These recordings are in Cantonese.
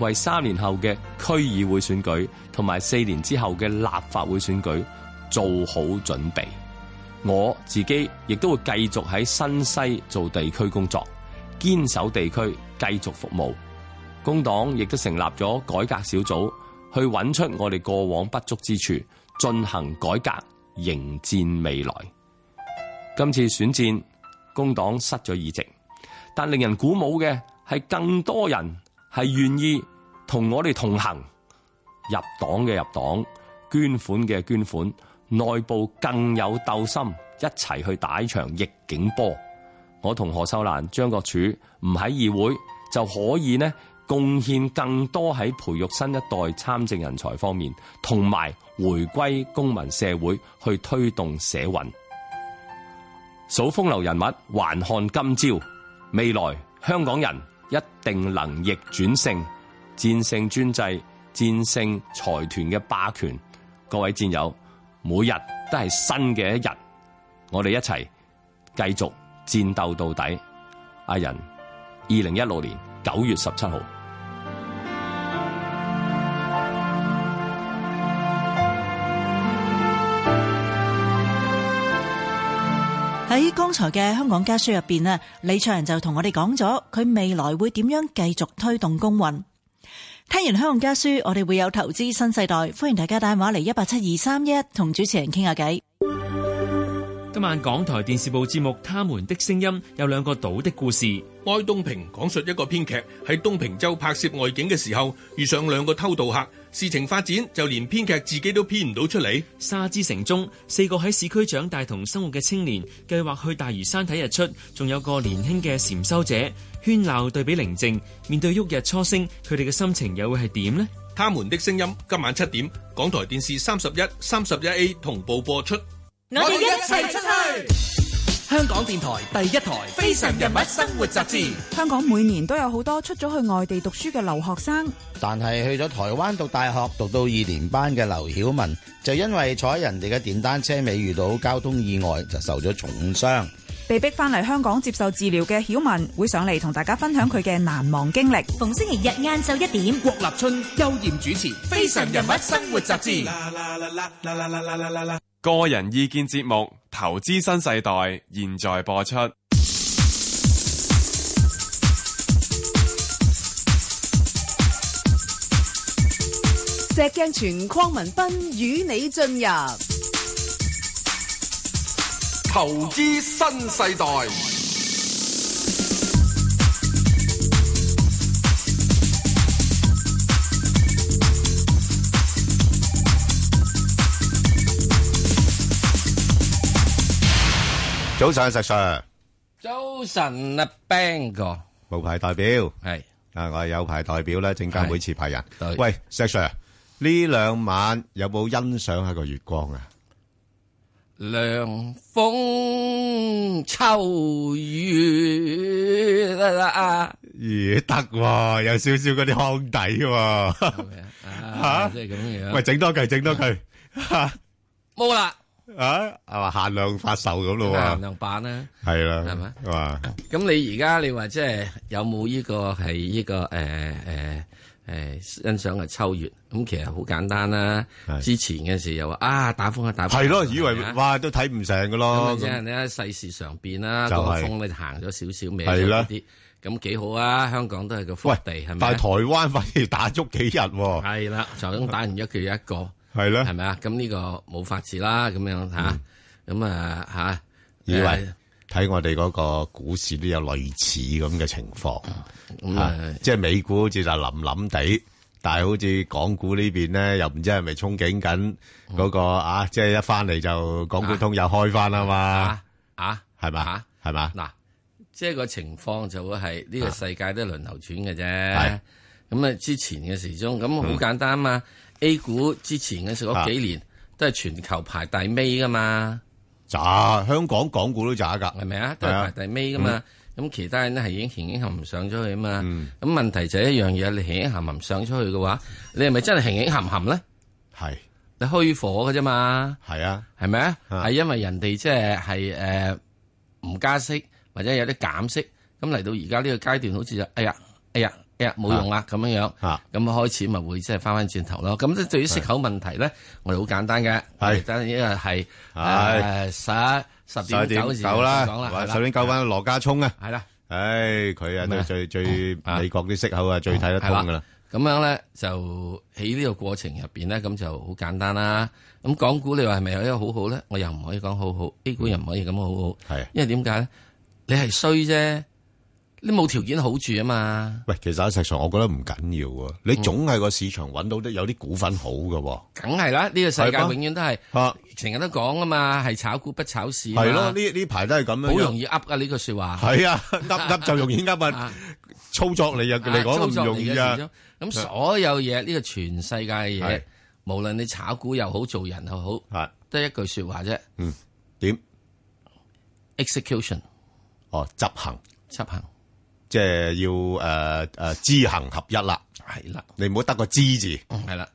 為三年後嘅區議會選舉同埋四年之後嘅立法會選舉做好準備。我自己亦都會繼續喺新西做地區工作，堅守地區，繼續服務。工黨亦都成立咗改革小組，去揾出我哋過往不足之處，進行改革，迎戰未來。今次選戰，工黨失咗議席，但令人鼓舞嘅係更多人。係願意同我哋同行，入黨嘅入黨，捐款嘅捐款，內部更有鬥心，一齊去打一場逆境波。我同何秀蘭、張國柱唔喺議會就可以呢，貢獻更多喺培育新一代參政人才方面，同埋回歸公民社會去推動社運。數風流人物，還看今朝。未來香港人，一定能逆轉勝，戰勝專制，戰勝財團嘅霸權。各位戰友，每日都係新嘅一日，我哋一齊繼續戰鬥到底。阿仁，二零一六年九月十七號。喺剛才嘅香港家書入邊呢，李卓人就同我哋講咗佢未來會點樣繼續推動工運。聽完香港家書，我哋會有投資新世代，歡迎大家打電話嚟一八七二三一同主持人傾下偈。今晚港台電視部節目《他們的聲音》有兩個島的故事，愛東平講述一個編劇喺東平洲拍攝外景嘅時候遇上兩個偷渡客。事情發展，就連編劇自己都編唔到出嚟。沙之城中，四個喺市區長大同生活嘅青年，計劃去大嶼山睇日出，仲有個年輕嘅禪修者喧鬧對比寧靜，面對旭日初升，佢哋嘅心情又會係點呢？他們的聲音今晚七點，港台電視三十一、三十一 A 同步播出。我哋一齊出去。香港電台第一台《非常人物生活雜誌》。香港每年都有好多出咗去外地讀書嘅留學生，但係去咗台灣讀大學讀到二年班嘅劉曉文，就因為坐喺人哋嘅電單車尾遇到交通意外，就受咗重傷，被逼翻嚟香港接受治療嘅曉文會上嚟同大家分享佢嘅難忘經歷。逢星期日晏晝一點，郭立春、邱健主持《非常人物生活雜誌》。啦啦啦啦啦啦啦啦啦啦，個人意見節目。投資新世代，現在播出。石鏡泉、鄺民彬與你進入投資新世代。早晨石 Sir，早晨啊，Bing 哥冇牌代表係，啊我係有牌代表啦，證監會持牌人。喂石 Sir，呢兩晚有冇欣賞下個月光啊？涼風秋雨啦啊，咦得喎，有少少嗰啲腔底喎，吓，即係咁嘅嘢。喂，整多句，整多句，吓冇啦。啊，係話限量發售咁咯，限量版啦，係啦，係嘛，咁、啊、你而家你話即係有冇呢、這個係呢、這個誒誒誒欣賞嘅秋月咁，其實好簡單啦、啊。之前嘅時又話啊打風啊打風，係咯，以為哇都睇唔成噶咯。即係即係咧世事常變啦，就是那個風咧就行咗少少未？係啦，咁幾好啊。香港都係個福地係咪？但係台灣反而打足幾日喎、啊，係啦，就咁打完咗佢一個。 係啦，係咪啊？咁呢個冇法治啦，咁樣吓，咁啊吓，以為睇我哋嗰個股市都有類似咁嘅情況，咁、嗯嗯啊嗯嗯、即係美股好似就腍腍地，但係好似港股邊呢邊咧，又唔知係咪憧憬緊嗰、嗰個、嗯、啊，即係一翻嚟就港股通又開翻啦嘛，啊，係咪啊，係、啊、嘛，嗱、啊，即係個情況就會係呢個世界都輪流轉嘅啫，咁啊，啊，之前嘅時鐘，咁好簡單嘛。嗯 A 股之前嘅嗰幾年係、啊、都係全球排第尾噶嘛？渣，香港港股都渣噶，係咪啊？都係排第尾噶嘛？咁其他人咧係已經輕輕含含上咗去啊嘛？咁、嗯、問題就係一樣嘢，你輕輕含含上出去嘅話，你係咪真係輕輕含含咧？係、啊，你虛火嘅啫嘛？係啊，係咪啊？係因為人哋即係係誒唔加息或者有啲減息，咁嚟到而家呢個階段，好似就哎呀，哎呀。呀、yeah，冇用啦，咁樣樣，咁開始咪會即係翻翻轉頭咯。咁即係對於息口問題咧，我哋好簡單嘅。係，但係因為係，係十十點九啦，首先救翻羅家聰啊，係啦，唉，佢、哎、啊都最最，最美國啲息口啊最睇得通噶啦。咁、啊啊啊、樣咧就喺呢個過程入邊咧，咁就好簡單啦。咁港股你話係咪有一個好好咧？我又唔可以講好好，A 股、嗯、又唔可以咁好好，係，因為點解咧？你係衰啫。你冇條件好住啊嘛？喂，其實實際上，我覺得唔緊要喎。你總係個市場揾到啲有啲股份好㗎喎。梗係啦，呢個世界永遠都係成日都講啊嘛，係炒股不炒市。係咯，呢呢排都係咁樣。好容易噏啊！呢句説話。係啊，噏噏就容易噏啊！操作你又嚟講唔容易啊！咁所有嘢，呢個全世界嘅嘢，無論你炒股又好，做人又好，都係一句説話啫。嗯，點 Execution？哦，執行，執行。即、就、係、是、要誒誒知行合一啦，係啦，你唔好得個知 ch- 字，係啦，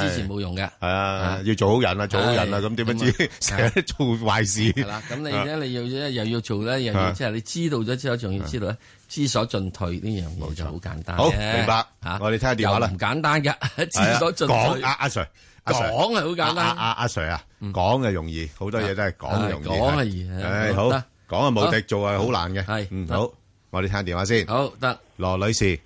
知字冇用嘅，係啊，要做好人啊，做好人啊，咁點樣知成日都做壞事？係啦，咁你咧你要又要做咧，又即係你知道咗之後，仲要知道咧，知所進退呢樣嘢就好簡單嘅。好明白吓、啊，我哋聽下電話啦。唔簡單嘅知所進退，講阿阿 Sir，講係好簡單，阿、啊、阿、啊、Sir 啊，講嘅容易，好、嗯、多嘢都係講容易，誒、啊，好講係冇敵，做係好難嘅，係，好。我哋聽下電話先，好，得，羅女士。誒，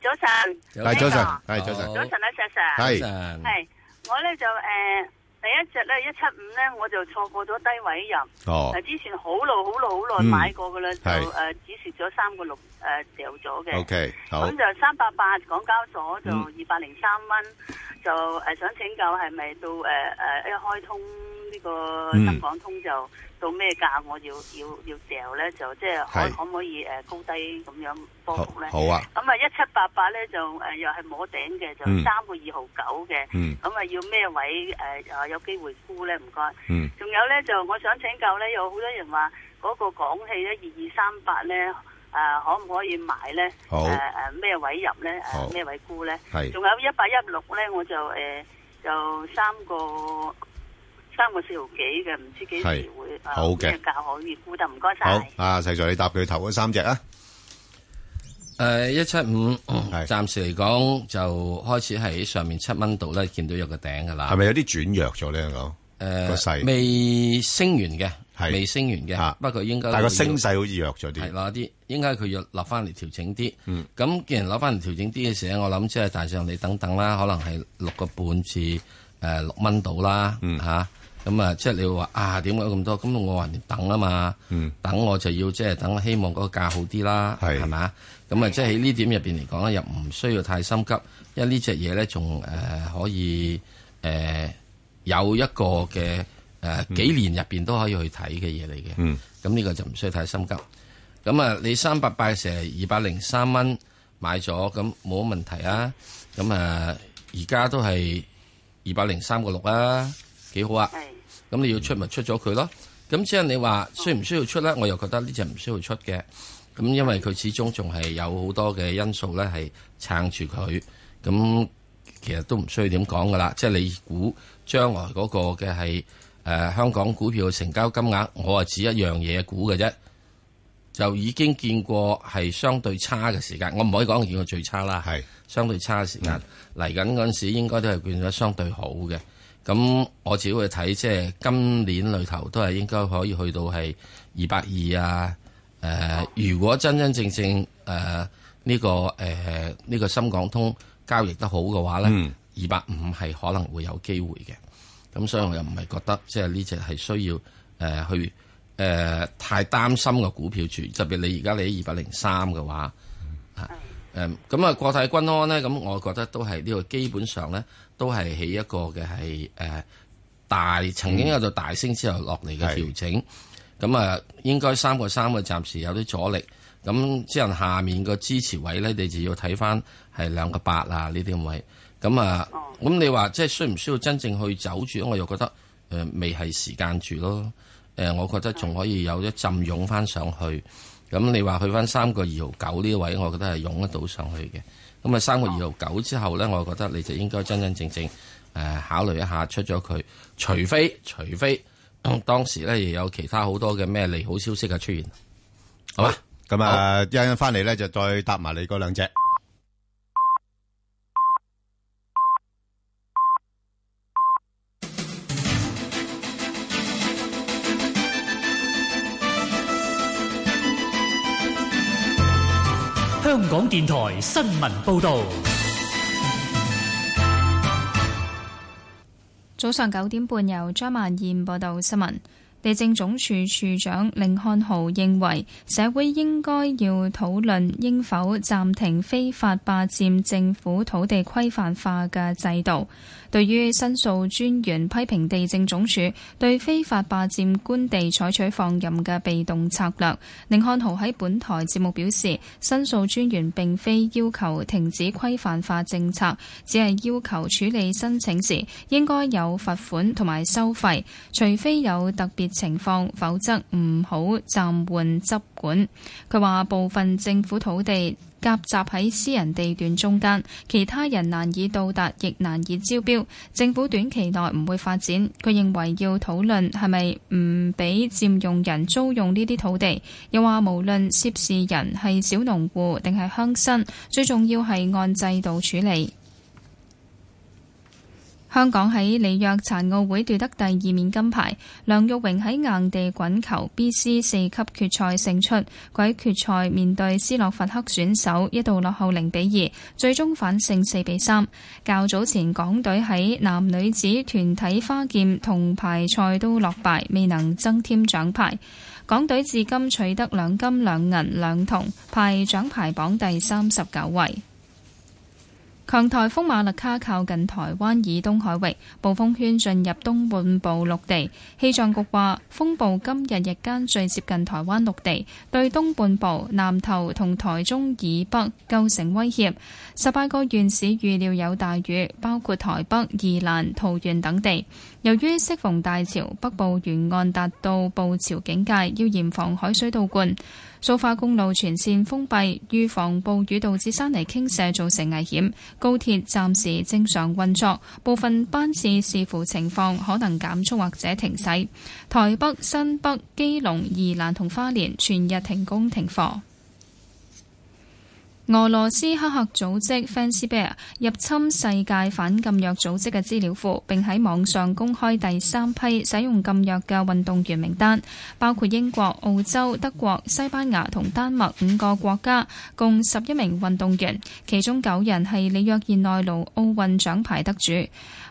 早晨，係早晨，係早晨，早晨啊，Sir，早晨。係我咧就誒，第一隻咧一七五咧，我就錯過咗低位入。哦。誒，之前好耐好耐好耐買過噶啦，就誒止蝕咗三個六誒掉咗嘅。O K，好。咁就三八八港交所就二百零三蚊，就誒想請教係咪到誒誒一開通呢個深港通就？到咩價我要要要掉咧，就即係可可唔可以誒、呃、高低咁樣波動咧？好啊！咁啊一七八八咧就誒、呃、又係摸頂嘅，就三個二毫九嘅。咁啊、嗯、要咩位誒啊、呃、有機會沽咧？唔該。嗯。仲有咧就我想請教咧，有好多人話嗰、那個廣汽咧二二三八咧，啊、呃、可唔可以買咧？好。誒、呃、咩位入咧？好。咩、啊、位沽咧？係。仲有一八一六咧，我就誒、呃、就三個。三個四毫幾嘅，唔知幾時會教可以，估得唔該晒。好啊，齊、嗯、在你搭佢頭嗰三隻啊。誒、uh, 一七五，嗯、暫時嚟講就開始喺上面七蚊度咧，見到有個頂噶啦。係咪有啲轉弱咗呢？講誒，uh, 個細未升完嘅，未升完嘅，不過應該,應該但個升勢好似弱咗啲。係嗱啲，應該佢要落翻嚟調整啲。咁、嗯、既然攞翻嚟調整啲嘅時候，我諗即係大上你等等啦，可能係六個半至誒六蚊度啦。嗯、啊咁、就是、啊，即係你話啊，點解咁多？咁我話你等啊嘛、嗯，等我就要即係、就是、等，希望嗰個價好啲啦，係咪啊？咁啊，即係喺呢點入面嚟講咧，又唔需要太心急，因為呢隻嘢咧仲可以誒、呃、有一個嘅誒、呃、幾年入面都可以去睇嘅嘢嚟嘅。咁、嗯、呢個就唔需要太心急。咁啊，你三百八成二百零三蚊買咗，咁冇乜問題啊。咁啊，而、呃、家都係二百零三個六啊，幾好啊！咁你要出咪出咗佢咯？咁即係你話需唔需要出咧？我又覺得呢隻唔需要出嘅。咁因為佢始終仲係有好多嘅因素咧，係撐住佢。咁其實都唔需要點講噶啦。即係你估將來嗰個嘅係誒香港股票嘅成交金額，我係指一樣嘢估嘅啫。就已經見過係相對差嘅時間，我唔可以講見過最差啦。係相對差嘅時間嚟緊嗰陣時，應該都係變咗相對好嘅。咁我自己去睇，即係今年裏頭都係應該可以去到係二百二啊。誒，如果真真正正誒呢個誒呢個深港通交易得好嘅話咧，二百五係可能會有機會嘅。咁所以我又唔係覺得即係呢只係需要誒去誒太擔心個股票住，特別你而家你二百零三嘅話啊。嗯咁啊，國泰君安咧，咁我覺得都係呢個基本上咧，都係起一個嘅係、呃、大曾經有到大升之後落嚟嘅調整。咁啊，應該三個三個暫時有啲阻力。咁之後下面個支持位咧，你就要睇翻係兩個八啊呢啲位。咁啊，咁你話即係需唔需要真正去走住？我又覺得誒、呃、未係時間住咯。誒、呃，我覺得仲可以有一浸湧翻上去。咁你話去翻三個二毫九呢位，我覺得係湧得到上去嘅。咁啊，三個二毫九之後咧，我覺得你就應該真真正正誒考慮一下出咗佢，除非除非當時咧亦有其他好多嘅咩利好消息嘅出現，好嘛？咁、嗯、啊，一陣間翻嚟咧就再答埋你嗰兩隻。香港電台新聞報道。早上九點半，由張萬燕報道新聞。地政總署署長甯漢豪認為，社會應該要討論應否暫停非法霸占政府土地規範化嘅制度。對於申訴專員批評地政總署對非法霸佔官地採取放任嘅被動策略，寧漢豪喺本台節目表示，申訴專員並非要求停止規範化政策，只係要求處理申請時應該有罰款同埋收費，除非有特別情況，否則唔好暫緩執管。佢話部分政府土地，夾雜喺私人地段中間，其他人難以到達，亦難以招標。政府短期內唔會發展。佢認為要討論係咪唔俾佔用人租用呢啲土地，又話無論涉事人係小農戶定係鄉紳，最重要係按制度處理。香港喺里約殘奧會奪得第二面金牌，梁玉榮喺硬地滾球 B C 四級決賽勝出，喺決賽面對斯洛伐克選手一度落後零比二，最終反勝四比三。較早前港隊喺男女子團體花劍銅牌賽都落敗，未能增添獎牌。港隊至今取得兩金兩銀兩銅，排獎牌榜第三十九位。強颱風馬勒卡靠近台灣以東海域，暴風圈進入東半部陸地。氣象局話，風暴今日日間最接近台灣陸地，對東半部、南投同台中以北構成威脅。十八個縣市預料有大雨，包括台北、宜蘭、桃園等地。由於適逢大潮，北部沿岸達到暴潮警戒，要嚴防海水倒灌。蘇花公路全線封閉，預防暴雨導致山泥傾瀉，造成危險。高鐵暫時正常運作，部分班次視乎情況可能減速或者停駛。台北、新北、基隆、宜蘭同花蓮全日停工停課。俄羅斯黑客組織 Fancy Bear 入侵世界反禁藥組織嘅資料庫，並喺網上公開第三批使用禁藥嘅運動員名單，包括英國、澳洲、德國、西班牙同丹麥五個國家，共十一名運動員，其中九人係里約熱內盧奧運獎牌得主。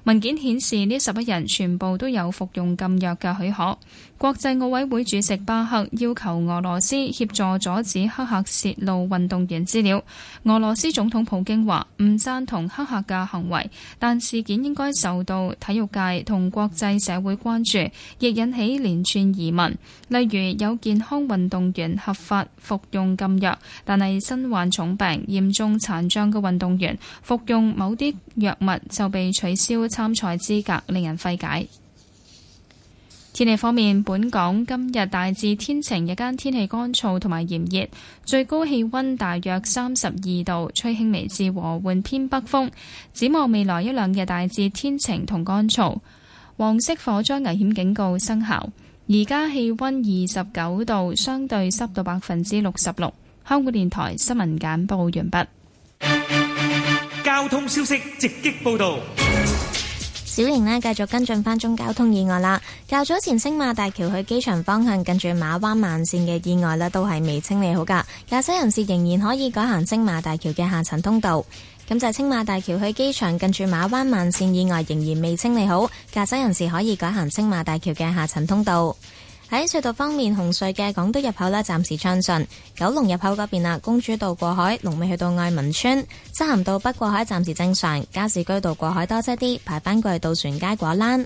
文件顯示呢十一人全部都有服用禁藥嘅許可。國際奧委會主席巴赫要求俄羅斯協助阻止黑客洩露運動員資料。俄羅斯總統普京話唔贊同黑客嘅行為，但事件應該受到體育界同國際社會關注，亦引起連串疑問，例如有健康運動員合法服用禁藥，但係身患重病、嚴重殘障嘅運動員服用某啲藥物就被取消。參賽資格令人費解。天氣方面，本港今日大致天晴，日間天氣乾燥同埋炎熱，最高氣温大約三十二度，吹輕微至和緩偏北風。展望未來一兩日，大致天晴同乾燥。黃色火災危險警告生效。而家氣温二十九度，相對濕度百分之六十六。香港電台新聞簡報完畢。交通消息直擊報道。小瑩繼續跟進翻中交通意外啦。較早前青馬大橋去機場方向近住馬灣慢線嘅意外都係未清理好噶，駕駛人士仍然可以改行青馬大橋嘅下層通道。咁就係青馬大橋去機場近住馬灣慢線意外仍然未清理好，駕駛人士可以改行青馬大橋嘅下層通道。喺隧道方面，紅隧嘅港島入口呢，暫時暢順，九龍入口嗰邊啊，公主道過海龍尾去到愛民村，漆咸道北過海暫時正常，加士居道過海多車啲，排班過去渡船街果欄。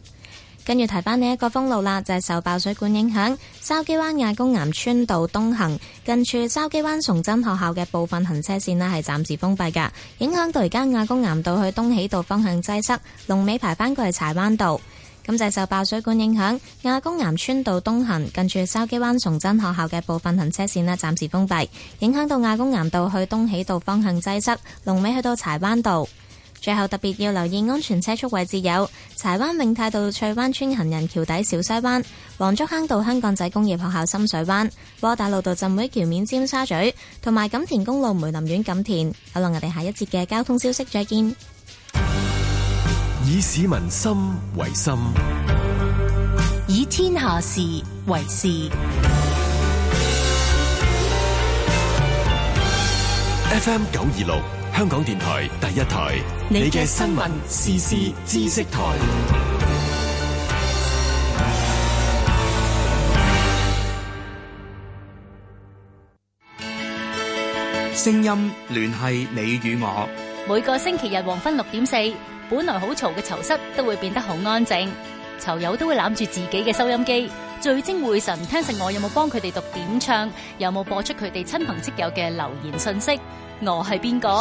跟住提翻你一個封路啦，就係、是、受爆水管影響，筲箕灣亞公岩村道東行近處筲箕灣崇真學校嘅部分行車線呢，係暫時封閉噶，影響到而家亞公岩道去東喜道方向擠塞，龍尾排班過去柴灣道。咁就受爆水管影響，亞公岩村道東行近住筲箕灣崇真學校嘅部分行車線咧，暫時封閉，影響到亞公岩道去東喜道方向擠塞，龍尾去到柴灣道。最後特別要留意安全車速位置有柴灣永泰道翠灣村行人橋底、小西灣黃竹坑道香港仔工業學校深水灣、窩打老道浸會橋面尖沙咀，同埋錦田公路梅林苑錦田。好啦，我哋下一節嘅交通消息，再見。以市民心為心，以天下事為事。FM 九二六香港電台第一台，你嘅新聞、時事、知識台，聲音聯繫你與我。每個星期日黃昏六點四。本來好嘈嘅囚室都會變得好安靜，囚友都會攬住自己嘅收音機，聚精會神聽成我有冇幫佢哋讀點唱，有冇播出佢哋親朋戚友嘅留言信息。我係邊個？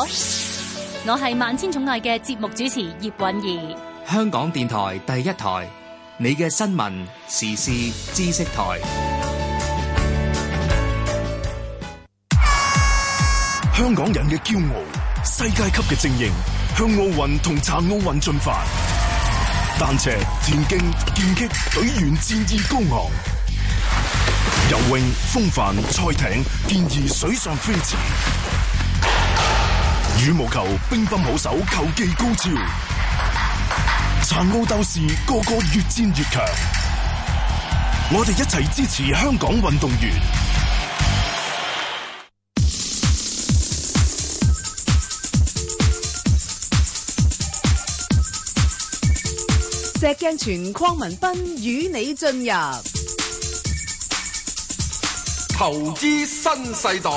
我係萬千寵愛嘅節目主持葉蘊儀，香港電台第一台，你嘅新聞、時事知識台，香港人嘅驕傲，世界級嘅精英。向奧運同殘奧運進發，單車、田徑、劍擊，隊員戰意高昂；游泳、風帆、賽艇，健兒水上飛馳；羽毛球，乒乓好手，球技高超；殘奧鬥士，個個越戰越強。我哋一齊支持香港運動員。石鏡泉鄺民彬與你進入投資新，新世代。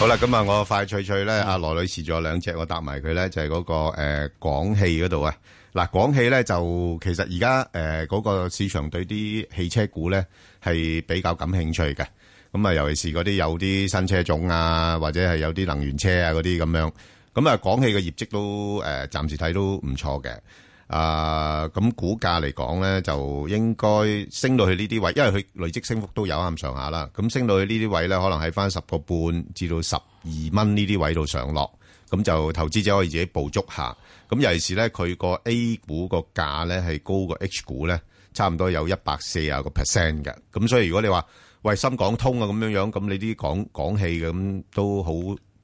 好啦，咁啊，我快脆脆咧，阿羅女士仲有兩隻，我答埋佢咧，就係嗰個誒，廣汽嗰度啊。嗱，廣汽咧就其實而家誒嗰個市場對啲汽車股咧係比較感興趣嘅，咁啊尤其是嗰啲有啲新車種啊，或者係有啲能源車啊嗰啲咁樣，咁啊廣汽嘅業績都誒暫時睇都唔錯嘅，啊咁股價嚟講咧就應該升到去呢啲位，因為佢累積升幅都有咁上下啦，咁升到去呢啲位咧可能喺翻十個半至到十二蚊呢啲位度上落。咁就投資者可以自己捕捉下，咁尤其是咧，佢個 A 股個價咧係高過 H 股咧，差唔多有一百四啊個 percent 嘅。咁所以如果你話喂深港通啊咁樣樣，咁你啲港港氣咁都好，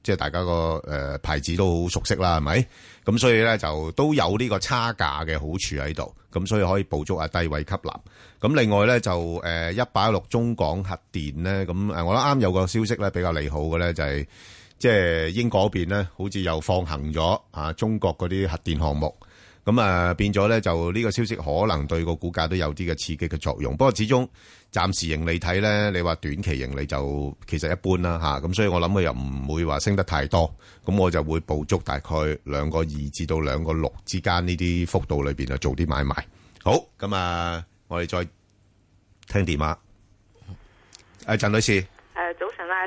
即係大家個誒、呃、牌子都好熟悉啦，係咪？咁所以咧就都有呢個差價嘅好處喺度，咁所以可以捕捉啊低位吸納。咁另外咧就誒一百六中港核電咧，咁誒我啱啱有個消息咧比較利好嘅咧就係、是。即係英國嗰邊咧，好似又放行咗啊，中國嗰啲核電項目，咁啊變咗咧就呢個消息可能對個股價都有啲嘅刺激嘅作用。不過始終暫時盈利睇咧，你話短期盈利就其實一般啦吓。咁所以我諗佢又唔會話升得太多。咁我就會捕捉大概兩個二至到兩個六之間呢啲幅度裏邊啊做啲買賣。好，咁啊我哋再聽電話。阿陳女士。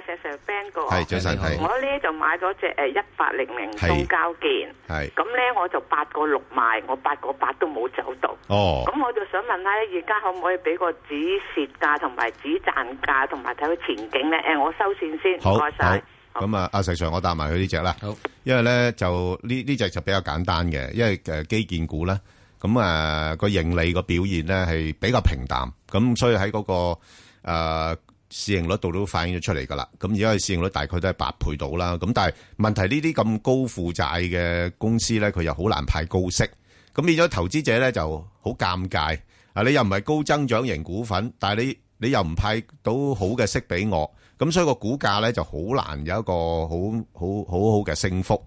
石 sirband 個，我咧就買咗隻誒一八零零中交建，係咁咧我就八個六賣，我八個八都冇走到。哦，咁我就想問下咧，而家可唔可以俾個止蝕價同埋止賺價，同埋睇佢前景咧？誒，我收線先，唔該晒。咁啊，阿石 sir，我帶埋佢呢隻啦。好，因為咧就呢呢隻就比較簡單嘅，因為誒基建股咧，咁啊個盈利個表現咧係比較平淡，咁所以喺嗰個誒。市盈率度都反映咗出嚟噶啦，咁而家嘅市盈率大概都係八倍到啦。咁但係問題，呢啲咁高負債嘅公司咧，佢又好難派高息。咁變咗投資者咧就好尷尬。啊，你又唔係高增長型股份，但係你你又唔派到好嘅息俾我，咁所以個股價咧就好難有一個好好好好嘅升幅。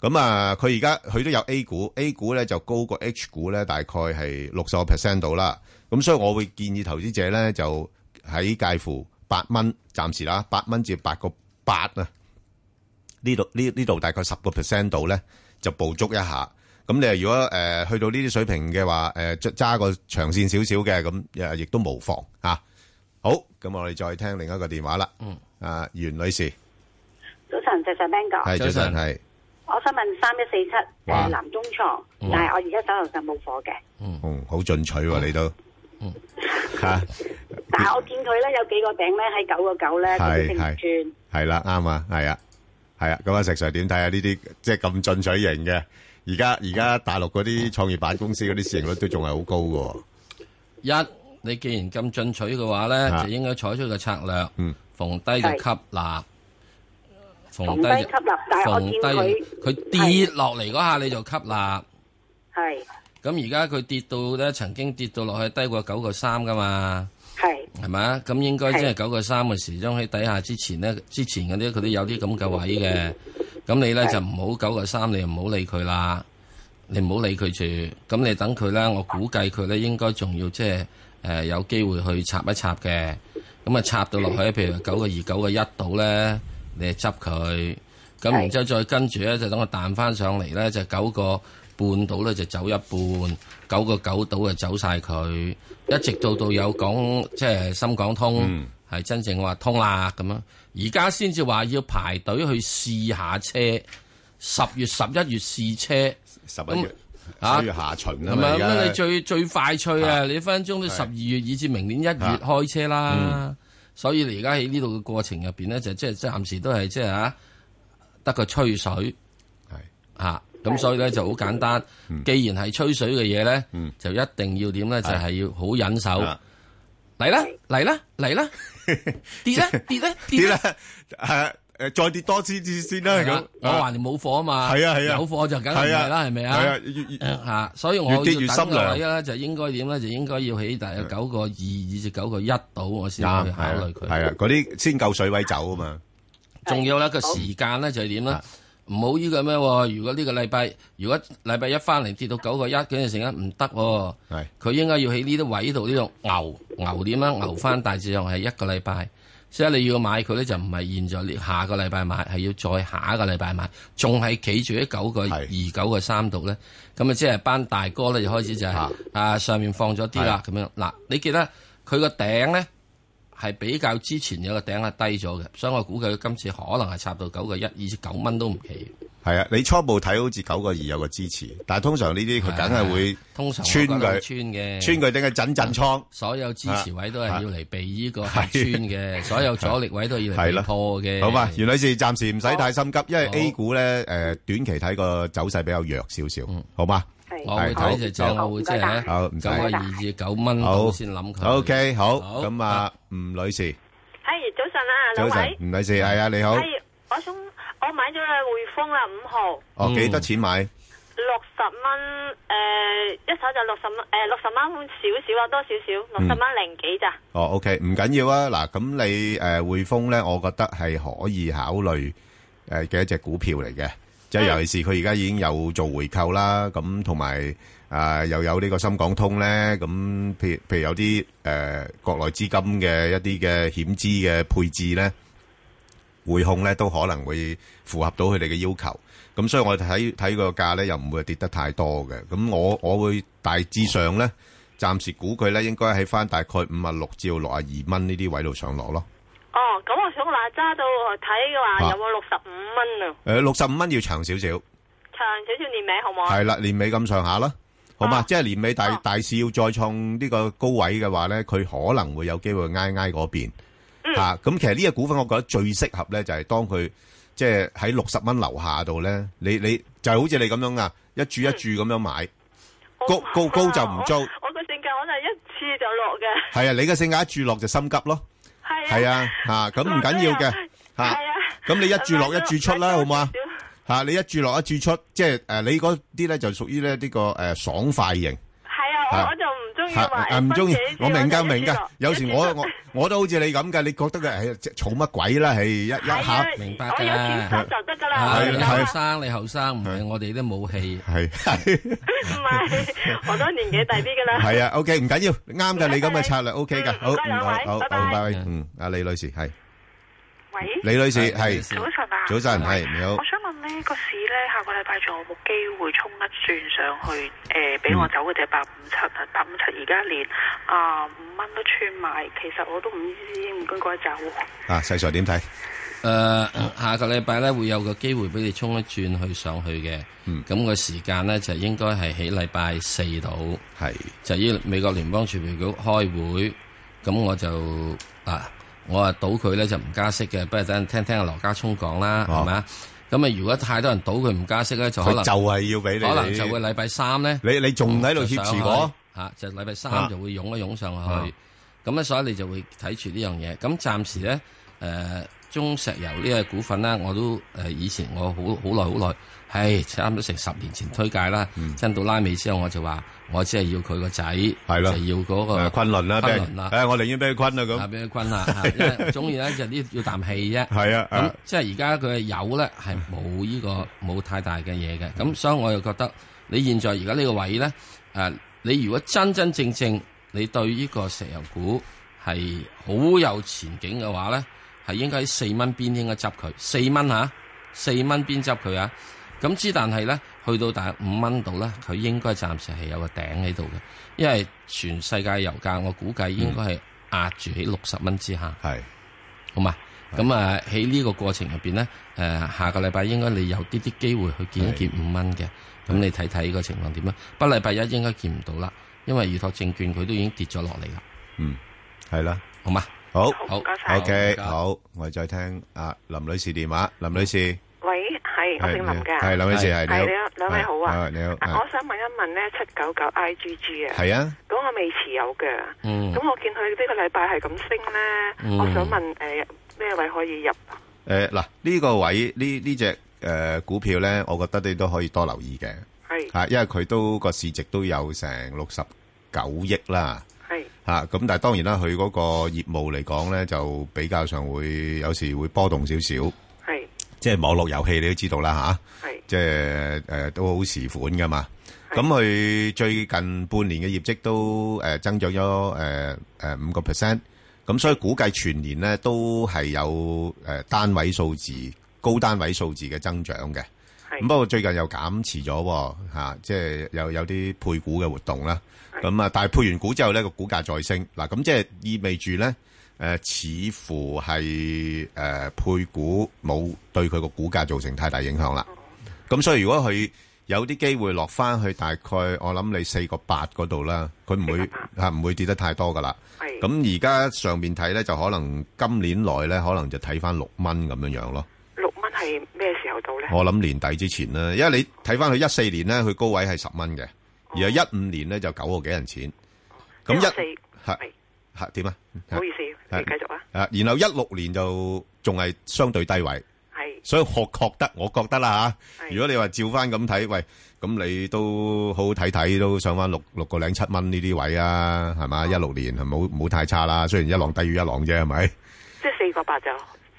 咁啊，佢而家佢都有 A 股，A 股咧就高過 H 股咧，大概係六十個 percent 度啦。咁所以我會建議投資者咧就喺介乎。八蚊，暫時啦，八蚊至八個八啊！呢度呢呢度大概十個 percent 度咧，就捕捉一下。咁你啊，如果誒去到呢啲水平嘅話，誒揸個長線少少嘅，咁誒亦都無妨嚇。好，咁我哋再聽另一個電話啦。嗯。啊，袁女士，早晨，謝謝 Ben 哥。係早晨，係。我想問三一四七誒南中床，但係我而家手頭就冇貨嘅。嗯，好進取喎，你都。嗯吓，但係我見佢咧有幾個頂咧喺九個九咧，佢轉唔轉？係啦，啱啊，係啊，係啊。咁啊，石 Sir 點睇下呢啲即係咁進取型嘅，而家而家大陸嗰啲創業板公司嗰啲市盈率都仲係好高嘅。一，你既然咁進取嘅話咧，就應該採取個策略，逢低就吸納，逢低吸納。但係逢低佢跌落嚟嗰下，你就吸納。係。咁而家佢跌到咧，曾經跌到落去低過九個三㗎嘛？係，係咪啊？咁應該即係九個三嘅時鐘喺底下之前咧，之前嗰啲佢都有啲咁嘅位嘅。咁你咧就唔好九個三，你唔好理佢啦。你唔好理佢住，咁你等佢咧。我估計佢咧應該仲要即係誒有機會去插一插嘅。咁啊插到落去，譬如九個二、九個一度咧，你就執佢。咁然之後再跟住咧，就等佢彈翻上嚟咧，就九個。半到咧就走一半，九個九到就走晒。佢，一直到到有講即係深港通係、嗯、真正話通啦咁樣，而家先至話要排隊去試下車，十月十一月試車，十一月啊下旬啦，係咪咁啊？樣你最最快趣啊,啊！你分分鐘都十二月以至明年一月開車啦，啊啊嗯、所以你而家喺呢度嘅過程入面咧，就即、是、係、就是就是、暫時都係即係啊，得個吹水啊。咁所以咧就好簡單，既然係吹水嘅嘢咧，就一定要點咧？就係、是、要好忍手嚟、啊、啦，嚟啦，嚟啦，跌啦，跌啦，跌啦！係誒，再跌多次次先啦。咁、啊啊、我橫掂冇貨啊嘛。係啊係啊，有貨就梗係啦，係咪啊？係啊，嚇、啊啊，所以我越跌越心涼佢咧，就應該點咧？就應該要起大約九個二，二至九個一到，我先去考慮佢。係啊，嗰啲先夠水位走啊嘛。仲有咧個時間咧就係點啦。唔好依、這個咩？如果呢個禮拜，如果禮拜一翻嚟跌到九個一，嗰段時間唔得喎。佢應該要喺呢啲位度呢種牛牛點啊？牛翻大致上係一個禮拜，所以你要買佢咧就唔係現在，下個禮拜買，係要再下一個禮拜買，仲係企住喺九個二九個三度咧。咁啊，即係班大哥咧就開始就係、是、啊，啊上面放咗啲啦，咁樣嗱，你記得佢個頂咧。係比較之前有個頂係低咗嘅，所以我估計佢今次可能係插到九個一，二九蚊都唔奇。係啊，你初步睇好似九個二有個支持，但係通常呢啲佢梗係會通常穿佢穿嘅，穿佢定係震震倉。所有支持位都係要嚟避呢個穿嘅，所有阻力位都要嚟避破嘅。好嘛，袁女士暫時唔使太心急，因為 A 股咧誒、呃、短期睇個走勢比較弱少少，好嘛。嗯好吧。係，睇隻隻我會知啦。好，唔該。二二九蚊，好先諗佢。O K，好。咁啊，吳女士。係，早晨啊，早晨。吳女士，係啊，你好。係，我想我買咗個匯豐啊，五號。哦，幾多錢買？六十蚊，誒，一手就六十蚊，誒，六十蚊少少啊，多少少，六十蚊零幾咋？哦，O K，唔緊要啊。嗱，咁你誒匯豐咧，我覺得係可以考慮誒嘅一隻股票嚟嘅。即係，尤其是佢而家已經有做回購啦，咁同埋啊又有呢個深港通咧，咁譬如譬如有啲誒、呃、國內資金嘅一啲嘅險資嘅配置咧，匯控咧都可能會符合到佢哋嘅要求。咁所以我睇睇個價咧，又唔會跌得太多嘅。咁我我會大致上咧，暫時估佢咧應該喺返大概五啊六至六啊二蚊呢啲位度上落咯。哦，咁我想話揸到睇嘅話有冇六十五蚊啊？誒，六十五蚊要長少少，長少少年尾好冇？係啦，年尾咁上下啦，好嘛？即係年尾大大市要再創呢個高位嘅話咧，佢可能會有機會挨挨嗰邊吓。咁其實呢個股份我覺得最適合咧，就係當佢即係喺六十蚊樓下度咧，你你就好似你咁樣啊，一注一注咁樣買，高高高就唔租。我個性格我就係一次就落嘅。係啊，你嘅性格一注落就心急咯。係啊，吓，咁唔緊要嘅，吓咁、啊啊啊啊啊啊、你一注落一注出啦，好嘛？吓、啊、你一注落一注出，即係誒、呃，你嗰啲咧就屬於咧呢個誒爽快型。係啊，我我就。吓，啊唔中意，我明噶，明噶。有時我我我都好似你咁噶，你覺得佢係即係嘈乜鬼啦，係一一下明白噶啦。我有選擇就得噶啦。你後生，你後生唔係我哋都冇氣，係係。唔係我都年紀大啲噶啦。係啊，OK，唔緊要，啱噶，你咁嘅策略 OK 噶。好，兩位，好，拜拜。嗯，阿李女士係。喂。李女士係。早晨啊。早晨係，你好。呢、這個市咧，下個禮拜仲有冇機會衝一轉上去？誒、呃，俾我走嘅就係八五七啊，八五七而家連啊五蚊都穿埋，其實我都唔知應該唔該走啊。啊，細財點睇？誒、呃，下個禮拜咧會有個機會俾你衝一轉去上去嘅。嗯，咁、那個時間咧就應該係喺禮拜四度。係就於美國聯邦儲備局開會，咁我就啊，我啊賭佢咧就唔加息嘅。不如等陣聽聽阿羅家聰講啦，係、啊、咪咁啊！如果太多人賭佢唔加息咧，就可能就係要俾你可能就會禮拜三咧，你你仲喺度堅持個吓，就禮拜、啊、三就會湧一湧上去。咁、啊、咧，所以你就會睇住呢樣嘢。咁暫時咧，誒，中石油呢個股份咧，我都誒、呃、以前我好好耐好耐。很久很久係、哎、差唔多成十年前推介啦，真、嗯、到拉尾之後我就話，我只係要佢、個仔，係要嗰個昆崙啦，昆崙啦，誒、啊哎，我寧願俾佢昆啦。咁，俾佢昆啦，總而咧就啲要啖氣啫，係啊，咁、啊啊 嗯啊、即係而家佢有咧、這個，係冇呢個冇太大嘅嘢嘅，咁、嗯、所以我又覺得，你現在而家呢個位咧，誒、啊，你如果真真正正你對呢個石油股係好有前景嘅話咧，係應該喺四蚊邊應該執佢，四蚊吓，四蚊邊執佢啊？咁之，但係咧，去到大約五蚊度咧，佢應該暫時係有個頂喺度嘅，因為全世界油價，我估計應該係壓住喺六十蚊之下。係、嗯，好嘛？咁啊，喺呢個過程入面咧，誒，下個禮拜應該你有啲啲機會去見一見五蚊嘅。咁你睇睇呢個情況點樣？不禮拜一應該見唔到啦，因為預託證券佢都已經跌咗落嚟啦。嗯，係啦，好嘛？好，好,好，O、okay, K，、okay. 好，我哋再聽阿林女士電話。林女士。嗯喂，係我姓林噶，係兩位謝，係，係啊，兩位好啊，你好，我想問一問咧，七九九 IGG 啊，係啊，咁我未持有嘅，嗯，咁我見佢呢個禮拜係咁升咧，我想問誒咩位可以入？誒嗱，呢個位呢，呢隻誒股票咧，我覺得你都可以多留意嘅，係，吓，因為佢都個市值都有成六十九億啦，係，吓，咁但係當然啦，佢嗰個業務嚟講咧，就比較上會有時會波動少少。即係網絡遊戲，你都知道啦吓、啊，即係誒、呃、都好時款噶嘛。咁佢最近半年嘅業績都誒、呃、增長咗誒誒五個 percent，咁所以估計全年咧都係有誒、呃、單位數字高單位數字嘅增長嘅。咁不過最近又減持咗吓、啊，即係有有啲配股嘅活動啦。咁啊，但係配完股之後咧個股價再升，嗱咁即係意味住咧。誒、呃，似乎係誒、呃、配股冇對佢個股價造成太大影響啦。咁、嗯、所以如果佢有啲機會落翻去大概，我諗你四個八嗰度啦，佢唔會唔會跌得太多噶啦。咁而家上面睇咧，就可能今年內咧，可能就睇翻六蚊咁樣樣咯。六蚊係咩時候到咧？我諗年底之前啦，因為你睇翻佢一四年咧，佢高位係十蚊嘅，而係一五年咧就九個幾銀錢。咁一四係。吓點啊？唔好意思，你繼續啊。啊，然後一六年就仲係相對低位，係，所以我覺得，我覺得啦吓。如果你話照翻咁睇，喂，咁你都好好睇睇，都上翻六六個零七蚊呢啲位啊，係嘛？一六年係冇冇太差啦，雖然一浪低於一浪啫，係咪？即係四個八就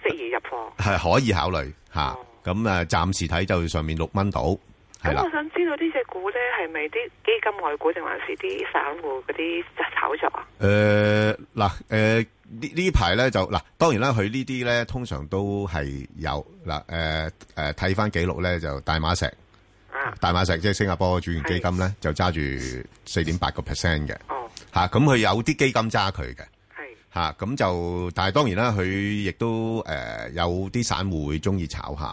適宜入貨，係可以考慮吓。咁啊，暫時睇就上面六蚊到。咁我想知道隻呢隻股咧，係咪啲基金外股，定還是啲散戶嗰啲炒作啊？誒、呃，嗱、呃，誒，呢呢排咧就嗱，當然啦，佢呢啲咧通常都係有嗱，誒、呃、誒，睇翻記錄咧就淡馬錫，啊、淡馬錫即係、就是、新加坡主權基金咧就揸住四點八個 percent 嘅，哦，吓咁佢有啲基金揸佢嘅，係吓咁就，但係當然啦，佢亦都誒、呃、有啲散戶會中意炒下，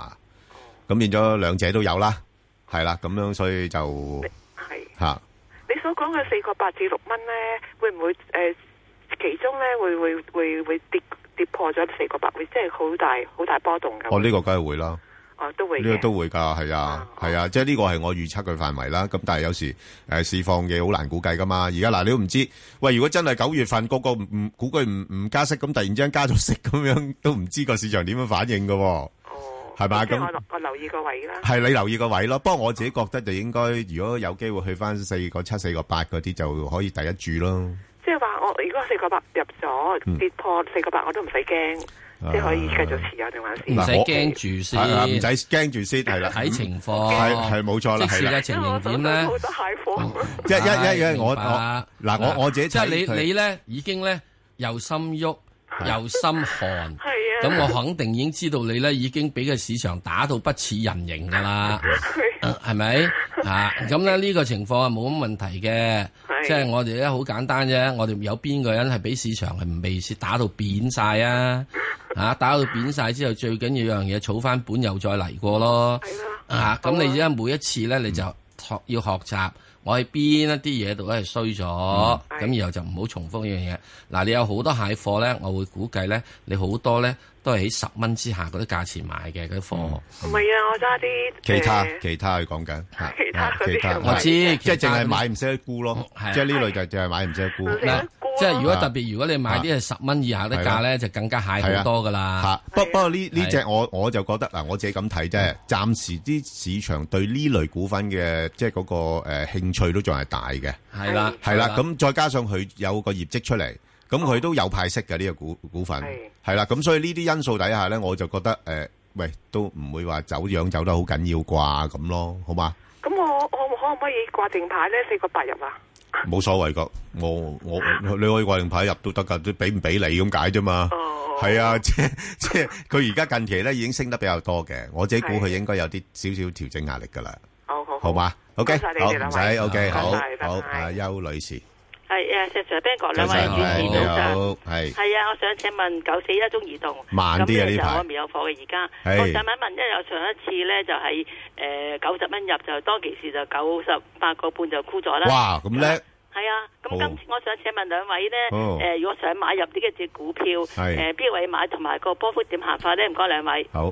咁、哦、變咗兩者都有啦。係啦，咁樣所以就係吓，你所講嘅四個八至六蚊咧，會唔會誒、呃？其中咧會會會會跌跌破咗四個八，會即係好大好大波動嘅。哦，呢、這個梗係會啦，哦都會，呢、這個都會噶，係啊，係啊、嗯，即係呢個係我預測嘅範圍啦。咁但係有時誒，釋放市況嘅好難估計噶嘛。而家嗱，你都唔知喂，如果真係九月份個個唔唔估計唔唔加息，咁突然之間加咗息，咁樣都唔知個市場點樣反應噶。係嘛咁？我，我留意個位啦。係你留意個位咯。不過我自己覺得就應該，如果有機會去返四個七、四個八嗰啲，就可以第一注咯。即係話我如果四個八入咗跌破四個八，嗯、我都唔使驚，即、嗯、係可以繼續持有。定話先？唔使驚住先，唔使驚住先係啦。睇情況係冇錯啦。即時嘅情況點咧？一一一，我我嗱我我自己即係你你咧已經咧又心喐。又心寒，咁、啊、我肯定已經知道你咧，已經俾個市場打到不似人形噶啦，係咪啊？咁咧呢個情況係冇乜問題嘅、啊，即係我哋咧好簡單啫，我哋有邊個人係俾市場係未打，打到扁晒啊，啊？啊，打到扁晒之後，最緊要樣嘢，儲翻本又再嚟過咯，啊，咁、啊、你而家每一次咧、嗯，你就學要學習。我喺邊一啲嘢度咧係衰咗，咁然、嗯、後就唔好重複呢樣嘢。嗱、啊，你有好多蟹貨咧，我會估計咧，你好多咧。都係喺十蚊之下嗰啲價錢買嘅嗰啲貨，唔係啊！我揸啲其他其他，佢講緊，其他其他。我知，即係淨係買唔識得菇咯，即係呢類就淨係買唔識得菇。即係如果特別，如果你買啲係十蚊以下啲價咧，就更加蟹好多噶啦。不不過呢，呢隻我我就覺得嗱，我自己咁睇啫，暫時啲市場對呢類股份嘅即係嗰個誒興趣都仲係大嘅，係啦係啦。咁再加上佢有個業績出嚟。咁佢都有派息嘅，呢個股股份係係啦，咁所以呢啲因素底下咧，我就覺得誒，喂，都唔會話走樣走得好緊要啩咁咯，好嘛？咁我我可唔可以掛定牌咧？四個八入啊？冇所謂噶，我我你可以掛定牌入都得噶，都俾唔俾你咁解啫嘛？哦，係啊，即即係佢而家近期咧已經升得比較多嘅，我自己估佢應該有啲少少調整壓力噶啦。好好，好嘛？OK，好唔使 OK，好好啊，邱女士。係誒，石 Sir Ben 哥，兩位主持人好，係係啊，我想請問九四一中移動慢啲呢排我未有貨嘅，而家我想問一問我上一次咧就係誒九十蚊入當就當其時就九十八個半就沽咗啦。哇，咁叻係啊，咁今次我想請問兩位咧誒、哦呃，如果想買入呢隻股票，邊邊、呃、位買同埋個波幅點行法咧？唔該兩位。好，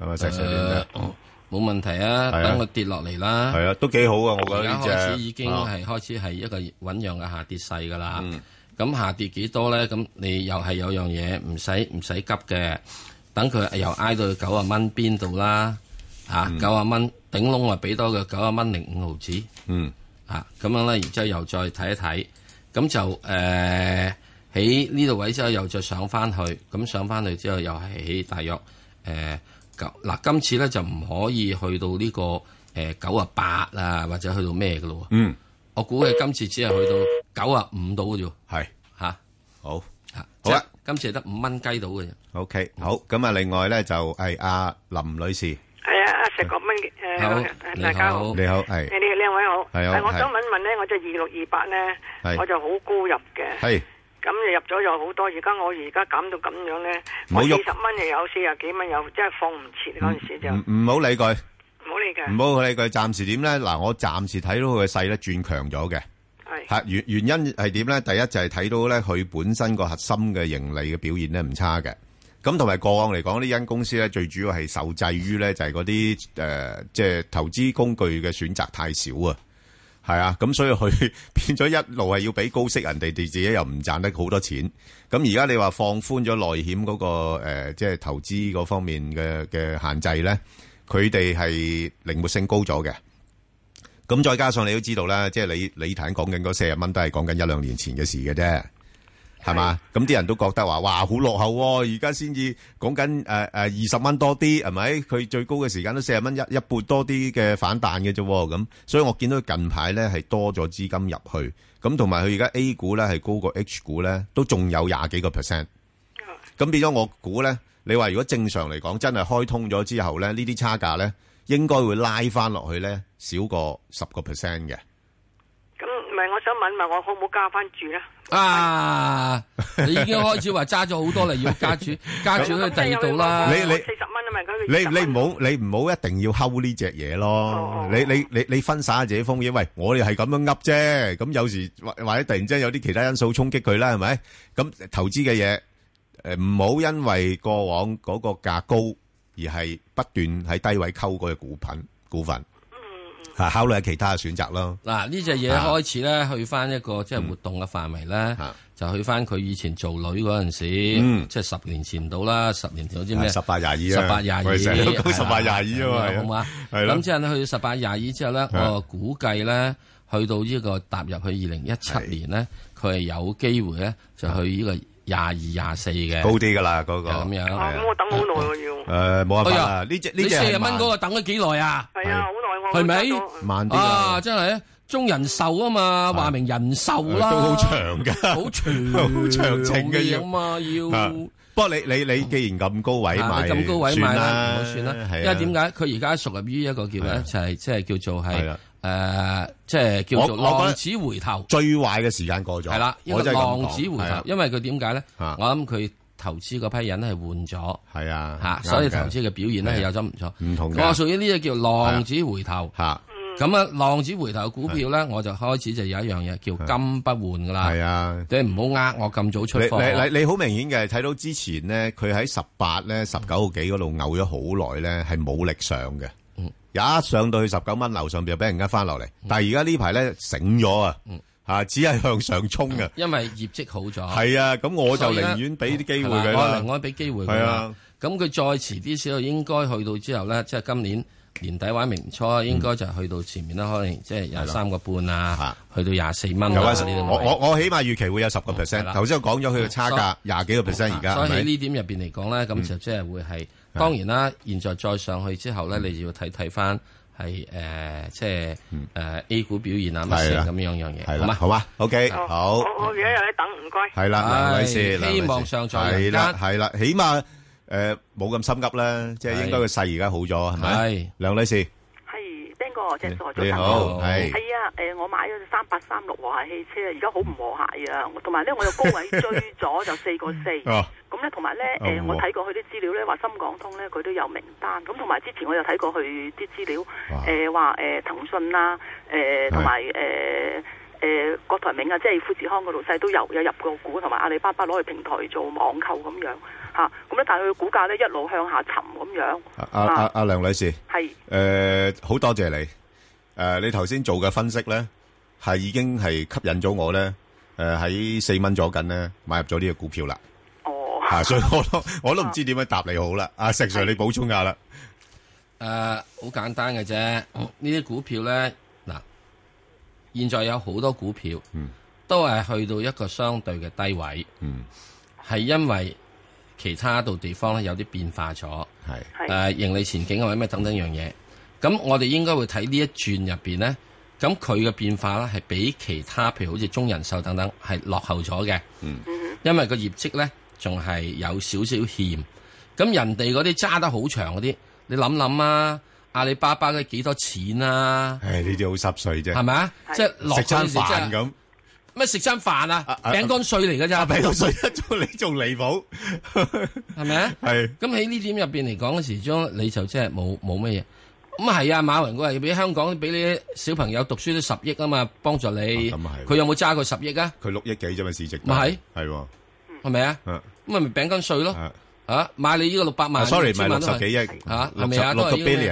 咁啊、呃，石、嗯嗯冇問題啊，啊等佢跌落嚟啦。係啊，都幾好啊，我覺得呢隻。開始已經係、嗯、開始係一個醞釀嘅下跌勢噶啦。咁、嗯、下跌幾多咧？咁你又係有樣嘢，唔使唔使急嘅，等佢又挨到九啊蚊邊度啦。吓、嗯，九啊蚊頂籠啊，俾多個九啊蚊零五毫子。嗯。啊，咁樣咧，然之後又再睇一睇，咁就誒喺呢度位之後又再上翻去，咁上翻去之後又係喺大約誒。呃嗱，今次咧就唔可以去到呢個誒九啊八啊，或者去到咩嘅咯喎。嗯，我估嘅今次只係去到九啊五到嘅啫。係嚇，好嚇。好啦，今次係得五蚊雞到嘅啫。O K，好咁啊，另外咧就係阿林女士。係啊，阿石、鄺民彬誒，大家好，你好，係。你兩位好，係啊，係。我想問問咧，我就二六二八咧，我就好高入嘅。係。咁你入咗又好多，而家我而家減到咁樣咧，我二十蚊又有四啊幾蚊又，即係放唔切嗰陣時就唔唔好理佢，唔好理佢，唔好理佢，暫時點咧？嗱，我暫時睇到佢嘅勢咧轉強咗嘅，係吓原，原因係點咧？第一就係睇到咧佢本身個核心嘅盈利嘅表現咧唔差嘅，咁同埋個案嚟講呢間公司咧最主要係受制於咧就係嗰啲誒即係投資工具嘅選擇太少啊。係啊，咁所以佢變咗一路係要俾高息人哋，哋自己又唔賺得好多錢。咁而家你話放寬咗內險嗰、嗰個即係、呃、投資嗰方面嘅嘅限制咧，佢哋係靈活性高咗嘅。咁再加上你都知道啦，即係你你頭講緊嗰四十蚊都係講緊一兩年前嘅事嘅啫。係嘛？咁啲人都覺得話，哇，好落後啊！而家先至講緊誒誒，二十蚊多啲，係咪？佢最高嘅時間都四十蚊一一倍多啲嘅反彈嘅啫。咁所以我見到近排咧係多咗資金入去，咁同埋佢而家 A 股咧係高過 H 股咧，都仲有廿幾個 percent。咁變咗我估咧，你話如果正常嚟講，真係開通咗之後咧，呢啲差價咧應該會拉翻落去咧，少過十個 percent 嘅。咁唔係，我想問一問我，我可唔可以加翻住呢？啊！是的 你已經開始話揸咗好多啦，要加住 加注去第二度啦。你你四十蚊啊嘛，你你唔好你唔好一定要溝呢隻嘢咯。哦哦哦你你你你分散下自己風險。喂，我哋係咁樣噏啫。咁有時或者突然之間有啲其他因素衝擊佢啦，係咪？咁投資嘅嘢誒，唔好因為過往嗰個價高而係不斷喺低位溝嗰個股品股份。股份考慮下其他嘅選擇咯。嗱、啊，呢隻嘢開始咧、啊，去翻一個即係、就是、活動嘅範圍咧、啊，就去翻佢以前做女嗰陣時、嗯，即係十年前到啦，十年前知咩？十八廿二十八廿二，十八廿二啊，啊，十八廿二，啊，啊，啊，啊，啊好嘛？係咁、啊、之後去去十八廿二之後咧，我估計咧，去到呢、呢個踏入去二零一七年咧，佢係、啊、有機會咧，就去呢、呢個。廿二廿四嘅高啲噶啦，嗰、那個咁、就是、樣啊啊、呃哎個啊啊是是。啊，咁我等好耐我要。誒，冇辦法啊！呢隻呢隻四十蚊嗰個等咗幾耐啊？係啊，好耐我。係咪？慢啲啊！真係中人壽啊嘛，話明人壽啦。都好長噶。好長。長情嘅嘢嘛，要。啊、不過你你你既然咁高位買，咁、啊、高位買啦，唔好算啦、啊。因為點解佢而家屬於於一個叫咧、啊，就係即係叫做係。誒、呃，即係叫做浪子回頭。最壞嘅時間過咗。係啦，我就浪子回頭，因為佢點解咧？我諗佢投資嗰批人咧係換咗。係啊，吓，所以投資嘅表現咧係有咗唔錯。唔同嘅。我屬於呢隻叫浪子回頭。吓，咁啊，浪子回頭股票咧，我就開始就有一樣嘢叫金不換噶啦。係啊，即係唔好呃我咁早出貨。你你好明顯嘅睇到之前呢，佢喺十八咧十九號幾嗰度嘔咗好耐咧，係冇力上嘅。一、嗯、上到去十九蚊樓上邊就俾人家翻落嚟，但係而家呢排咧醒咗啊！吓、嗯，只係向上衝啊、嗯，因為業績好咗。係啊，咁我就寧願俾啲機會佢啦、嗯，我寧願俾機會佢。啊，咁佢再遲啲少少，應該去到之後咧，即、就、係、是、今年年底或者明初，嗯、應該就去到前面啦，可能即係廿三個半啊，吓，去到廿四蚊。啊，我我起碼預期會有十個 percent。頭先我講咗佢嘅差價廿幾個 percent 而家。所以喺呢、嗯、點入邊嚟講咧，咁、嗯、就即係會係。當然啦，現在再上去之後咧，嗯、你就要睇睇返係誒，即係誒 A 股表現啊乜嘢咁樣樣嘢。好嘛，好嘛，OK，好。好好，我而家又喺等，唔該。係啦，梁女士，女士希望上漲的。係啦，係啦，起碼誒冇咁心急啦，即係應該個勢而家好咗，係咪？係，梁女士。哦，即係做咗差啊！誒、呃，我買咗三八三六和諧汽車，而家好唔和諧啊！同埋咧，我有高位追咗就四個四，咁咧同埋咧誒，我睇過佢啲資料咧，話深港通咧佢都有名單，咁同埋之前我又睇過佢啲資料，誒話誒騰訊啦，誒同埋誒。文明啊，即係富士康嗰老細都有有入過股，同埋阿里巴巴攞去平台做網購咁樣吓，咁咧但係佢股價咧一路向下沉咁樣。阿阿阿梁女士係誒，好多謝你誒，你頭先做嘅分析咧，係已經係吸引咗我咧誒喺四蚊左近咧買入咗呢隻股票啦。哦，吓，所以我都我都唔知點樣答你好啦。阿石 Sir，你補充下啦。誒，好簡單嘅啫，呢啲股票咧。現在有好多股票、嗯、都係去到一個相對嘅低位，係、嗯、因為其他度地方咧有啲變化咗，係誒、呃、盈利前景或者咩等等樣嘢。咁、嗯、我哋應該會睇呢一轉入邊咧，咁佢嘅變化咧係比其他譬如好似中人壽等等係落後咗嘅、嗯，因為個業績咧仲係有少少欠。咁人哋嗰啲揸得好長嗰啲，你諗諗啊！阿里巴巴都幾多錢啊？係呢啲好濕碎啫，係咪啊？即係食餐飯咁，咩食餐飯啊？Uh, uh, 餅乾碎嚟噶咋？餅乾碎做你仲離譜，係咪啊？係、uh, uh,。咁喺呢點入面嚟講嘅時，鐘你就真係冇冇乜嘢。咁係啊，啊，馬雲佢話要俾香港俾啲小朋友讀書都十億啊嘛，幫助你。咁係。佢有冇揸過十億啊？佢、嗯啊嗯啊、六億幾啫嘛，市值。咪係。係喎。係咪啊？咁咪餅乾碎咯。嚇買你呢個六百萬？sorry，買六幾億嚇？係咪啊？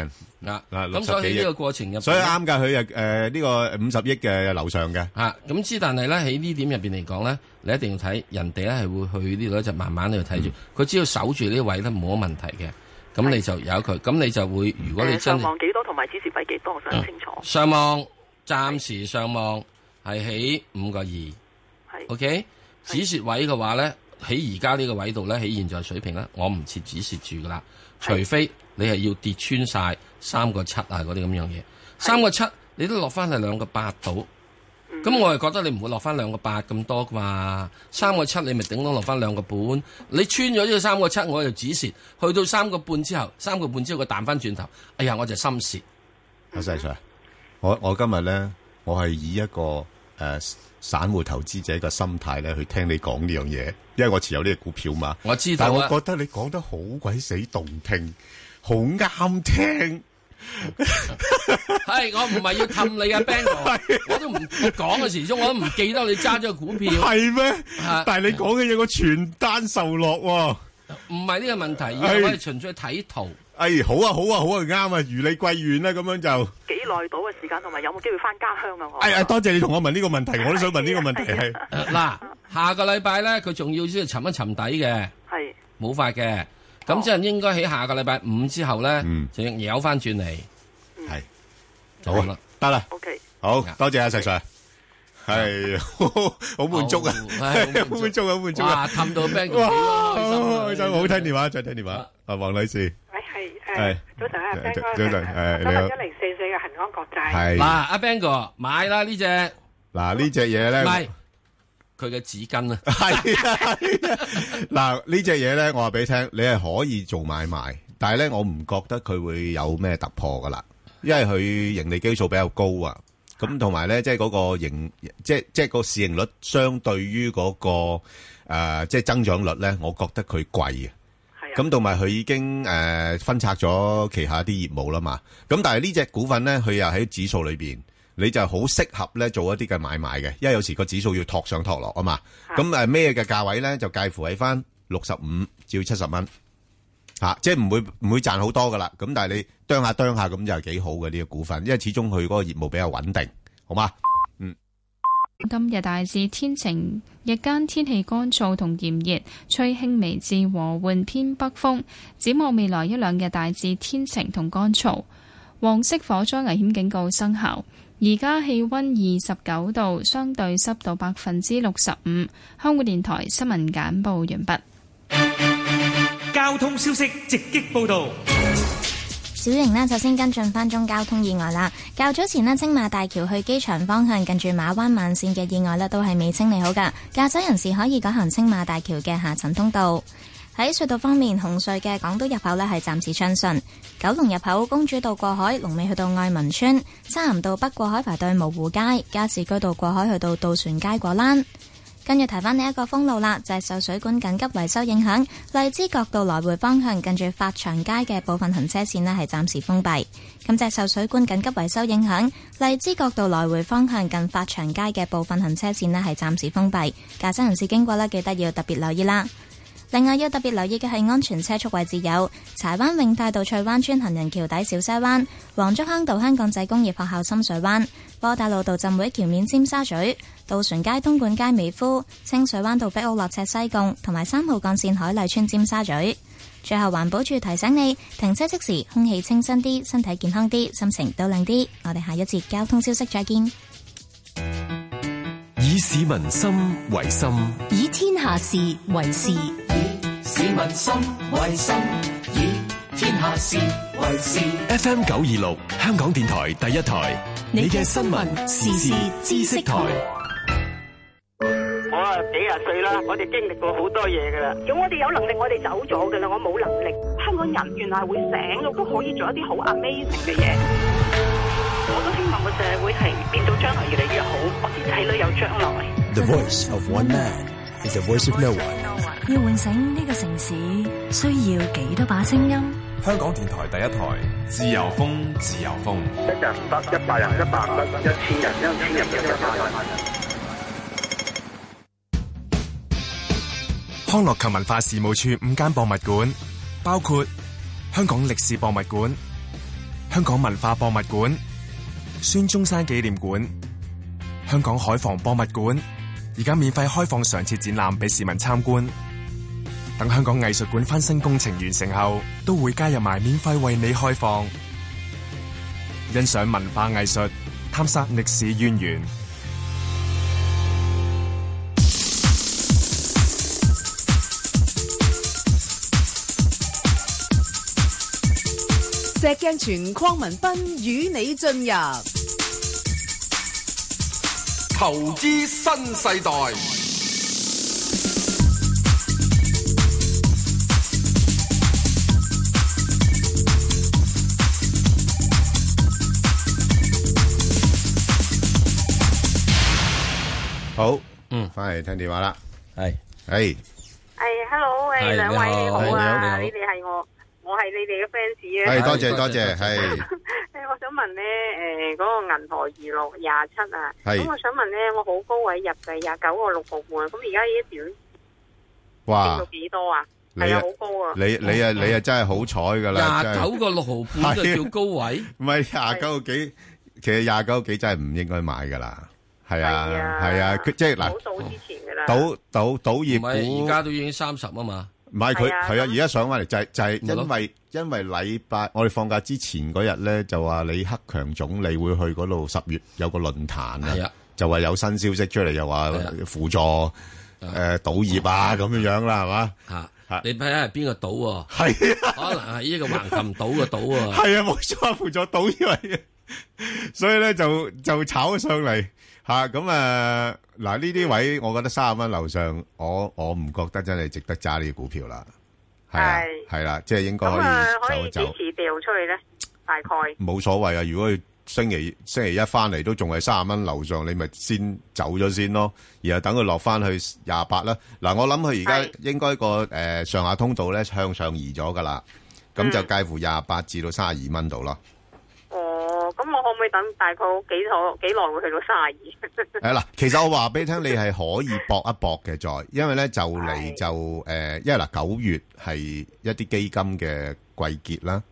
啊嗱、嗯、嗱，咁所以呢個過程入，所以啱㗎，佢誒、呃這個嗯、呢個五十億嘅樓上嘅。咁之但係咧喺呢點入面嚟講咧，你一定要睇人哋咧係會去呢度咧就慢慢呢度睇住，佢、嗯、只要守住呢位咧冇乜問題嘅，咁你就有佢，咁你就會如果你真、呃、上望幾多同埋止蝕位幾多，我想清楚。嗯、上望暫時上望係起五個二。O、okay? K. 止蝕位嘅話咧，喺而家呢個位度咧，喺現在水平咧，我唔設止蝕住噶啦，除非。你係要跌穿晒三個七啊，嗰啲咁樣嘢。三個七你都落翻係兩個八度，咁我係覺得你唔會落翻兩個八咁多噶嘛。三個七你咪頂多落翻兩個半。你穿咗呢個三個七，我就止蝕，去到三個半之後，三個半之後佢彈翻轉頭，哎呀，我就心蝕、啊。阿 Sir，我我今日咧，我係以一個誒、呃、散戶投資者嘅心態咧去聽你講呢樣嘢，因為我持有呢個股票嘛。我知道啦。但係我覺得你講得好鬼死動聽。好啱聽 係我唔係要氹你啊 ，Ben， 我都唔講嘅時中，我都唔記得你揸咗個股票，係咩、啊？但係你講嘅嘢，我全單受落、啊，唔係呢個問題，而係我哋純粹睇圖哎。哎，好啊，好啊，好啊，啱啊，如你貴願啦，咁樣就幾耐到嘅時間，同埋有冇機會翻家鄉、哎、啊？我哎呀，多謝你同我問呢個問題，我都想問呢個問題係。嗱、哎啊，下個禮拜咧，佢仲要先沉一沉底嘅，係冇法嘅。咁即係應該喺下個禮拜五之後咧，就扭翻轉嚟。係，好啦，得啦，OK，好多謝阿石 Sir，係，好滿足啊，滿足啊，滿足啊，哇，氹到 Bang 哥，好聽電話，再聽電話，阿黃女士，喂，係，早晨啊，Bang 哥，早晨，你好，一零四四嘅恒安國際，係，嗱，阿 Bang 哥，買啦呢隻，嗱呢隻嘢咧，買。佢嘅紙巾啊，係啊，嗱呢隻嘢咧，我話俾你聽，你係可以做買賣，但係咧，我唔覺得佢會有咩突破噶啦，因為佢盈利基數比較高啊，咁同埋咧，即係嗰個盈，即係即係個市盈率相對於嗰個誒，即係增長率咧，我覺得佢貴啊，咁同埋佢已經誒分拆咗旗下一啲業務啦嘛，咁但係呢隻股份咧，佢又喺指數裏邊，你就好適合咧做一啲嘅買賣嘅，因為有時個指數要托上托落啊嘛。咁誒咩嘅價位咧，就介乎喺返六十五至七十蚊嚇，即係唔會唔會賺好多噶啦。咁但係你掕下掕下咁就係幾好嘅呢個股份，因為始終佢嗰個業務比較穩定，好嘛？嗯。今日大致天晴，日間天氣乾燥同炎熱，吹輕微至和緩偏北風。展望未來一兩日，大致天晴同乾燥，黃色火災危險警告生效。而家氣溫二十九度，相對濕度百分之六十五。香港電台新聞簡報完畢。交通消息直擊報道。小瑩呢，就先跟進翻中交通意外啦。較早前呢，青馬大橋去機場方向近住馬灣慢線嘅意外呢，都係未清理好噶，駕駛人士可以改行青馬大橋嘅下層通道。喺隧道方面，紅隧嘅港島入口呢係暫時暢順，九龍入口公主道過海，龍尾去到愛民村，沙林道北過海排隊蕪湖街，加士居道過海去到渡船街果欄。跟住提翻呢一個封路啦，就係、是、受水管緊急維修影響，荔枝角道來，來回方向近住發祥街嘅部分行車線呢係暫時封閉。咁就受水管緊急維修影響，荔枝角道來回方向近發祥街嘅部分行車線呢係暫時封閉，駕駛人士經過呢，記得要特別留意啦。另外要特別留意嘅，係安全車速位置有柴灣永泰道翠灣村行人橋底、小西灣黃竹坑道、香港仔工業學校、深水灣窩打老道浸會橋面、尖沙咀渡船街、東莞街、美孚清水灣道北奧落赤、西貢同埋三號幹線海麗村、尖沙咀。最後環保處提醒你停車即時空氣清新啲，身體健康啲，心情都靚啲。我哋下一節交通消息再見。以市民心為心，以天下事為事。以市民心為心，以天下事為事。FM 九二六，香港電台第一台，你嘅新聞時事知識台。我啊幾廿歲啦，我哋經歷過好多嘢噶啦。咁我哋有能力，我哋走咗噶啦。我冇能力。香港人原來會醒，我都可以做一啲好 amazing 嘅嘢。我都希望個社會係變到將來越嚟越好，我先睇到有將來。The voice of one man is the voice of no one。要喚醒呢個城市，需要幾多把聲音？香港電台第一台，自由風，自由風。一人一百人，一百人一千人，一千人人。康樂及文化事務處五間博物館，包括香港歷史博物館、香港文化博物館。孫中山紀念館、香港海防博物館而家免費開放常設展覽俾市民參觀。等香港藝術館翻新工程完成後，都會加入埋免費為你開放，欣賞文化藝術，探索歷史淵源。石鏡泉鄺民彬與你進入投資新世代。好，嗯，翻嚟聽電話啦。係，係，係、hey,，Hello，誒、hey, hey,，兩位你好啊，hey, you hey, you 你哋係我。Hey, 我係你哋嘅 fans 啊！係，多謝多謝係。誒，我想問咧，誒、呃，嗰、那個銀河二六廿七啊，咁我想問咧，我好高位入嘅廿九個六毫半啊，咁而家已一段，哇，跌到幾多啊？係啊，好高啊！你你啊，你啊，真係好彩噶啦！廿九個六毫半都叫高位？唔係廿九個幾，其實廿九個幾真係唔應該買噶啦，係啊，係啊，即係嗱，好早、啊啊、之前噶啦，賭賭賭業股，而家都已經三十啊嘛。唔係佢，係啊！而家、啊、上翻嚟就係、是、就係、是、因為因為禮拜我哋放假之前嗰日咧就話李克強總理會去嗰度十月有個論壇啊，就話有新消息出嚟，又話輔助誒賭業啊咁、啊、樣樣啦，係嘛吓吓，你睇下係邊個賭喎、啊？係啊，可能係依個橫琴島嘅島喎。係啊，冇錯，輔助賭依樣嘢，所以咧就就炒咗上嚟。吓咁啊！嗱呢啲位，我覺得三十蚊樓上，我我唔覺得真係值得揸呢啲股票啦。係，係啦、啊啊，即係應該可以走走、啊。可以幾時掉出去咧？大概冇所謂啊！如果星期星期一翻嚟都仲係三十蚊樓上，你咪先走咗先咯。然後等佢落翻去廿八啦。嗱、啊，我諗佢而家應該個誒、呃、上下通道咧向上移咗噶啦。咁、嗯、就介乎廿八至到三十二蚊度咯。等大概幾多幾耐會去到卅二？ 其實我話俾你聽，你係可以搏一搏嘅，再 因為咧就嚟就誒，因為嗱九月係一啲基金嘅季結啦，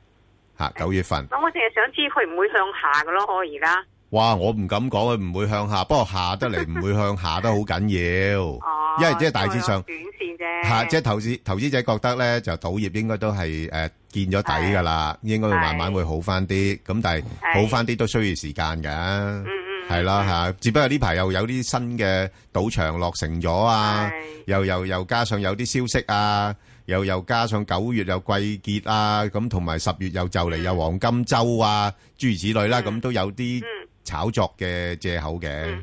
吓九月份。咁我淨係想知佢唔會向下噶咯，我而家。哇！我唔敢講，佢唔會向下，不過下得嚟唔會向下都好緊要，因為即係大致上短線啫，係即係投資投資者覺得咧，就賭業應該都係誒見咗底㗎啦，應該會慢慢會好翻啲。咁但係好翻啲都需要時間㗎，係啦嚇。只不過呢排又有啲新嘅賭場落成咗啊，又又又加上有啲消息啊，又又加上九月又季結啊，咁同埋十月又就嚟有黃金週啊，諸如此類啦，咁都有啲。炒作嘅借口嘅，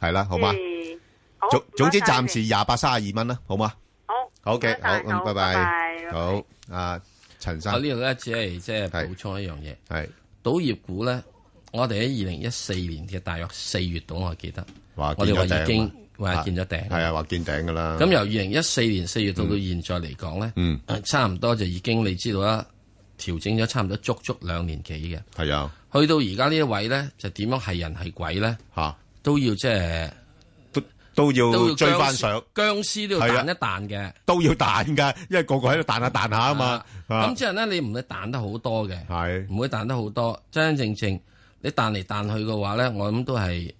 係啦，好嘛？總總之，暫時廿八三十二蚊啦，好嘛？好，OK，好，拜拜，好，阿陳生。呢度咧只係即係補充一樣嘢，係賭業股咧，我哋喺二零一四年嘅大約四月度，我記得，我哋話已經話見咗頂，係啊，話見頂噶啦。咁由二零一四年四月到到現在嚟講咧，嗯，差唔多就已經你知道啦。調整咗差唔多足足兩年幾嘅，係啊，去到而家呢一位咧，就點樣係人係鬼咧、啊、都要即係、就係、都都要追翻上，上，僵屍都要彈一彈嘅、啊，都要彈噶，因為個個喺度彈下彈下啊嘛。咁之後咧，你唔會彈得好多嘅，唔、啊、會彈得好多，真真正正你彈嚟彈去嘅話咧，我諗都係。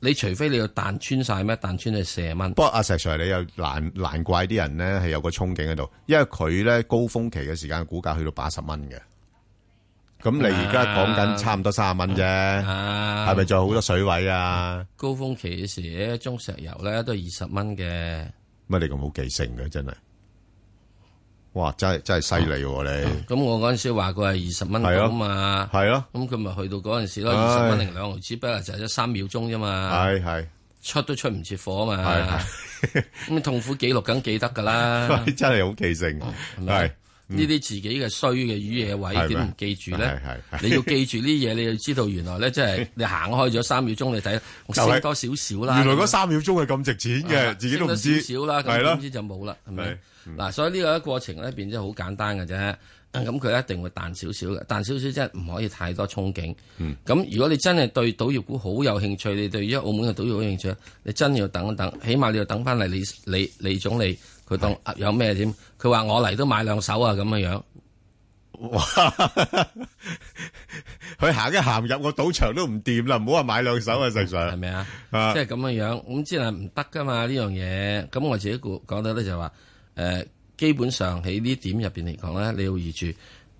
你除非你要彈穿晒咩？彈穿係四十蚊。不過阿石 Sir，你又難難怪啲人咧係有個憧憬喺度，因為佢咧高峰期嘅時間股價去到八十蚊嘅。咁你而家講緊差唔多三十蚊啫，係咪仲有好多水位啊？高峰期時，中石油咧都二十蚊嘅。乜你咁好記性嘅，真係？哇！真係真係犀利喎你。咁、嗯嗯、我嗰陣時話佢係二十蚊股嘛。係咯、啊。咁佢咪去到嗰陣時咯，二十蚊零兩毫紙，不過就一、是、三秒鐘啫嘛。係係。出都出唔切貨啊嘛。係咁、嗯、痛苦記錄梗記得噶啦。真係好記性。係。呢啲自己嘅衰嘅魚嘢位點唔記住咧？你要記住呢嘢，你要知道原來咧，即、就、係、是、你行開咗三秒鐘，你睇。少多少少啦、就是。原來嗰三秒鐘係咁值錢嘅、嗯，自己都唔知。少啦，咁咯、啊，知就冇啦，係咪、啊？嗱、嗯，所以呢個過程咧變咗好簡單嘅啫。咁、嗯、佢一定會彈少少嘅，彈少少即係唔可以太多憧憬。咁、嗯、如果你真係對賭業股好有興趣，你對於澳門嘅賭業好興趣，你真要等一等，起碼你要等翻嚟李李李總理佢當、啊、有咩點？佢話我嚟都買兩手啊咁樣樣。哇！佢行一行入我賭場都唔掂啦，唔好話買兩手啊，實在係咪啊？即係咁樣樣，咁自然唔得噶嘛呢樣嘢。咁我自己講得咧就話、是。誒、呃，基本上喺呢點入邊嚟講咧，你要記住，誒、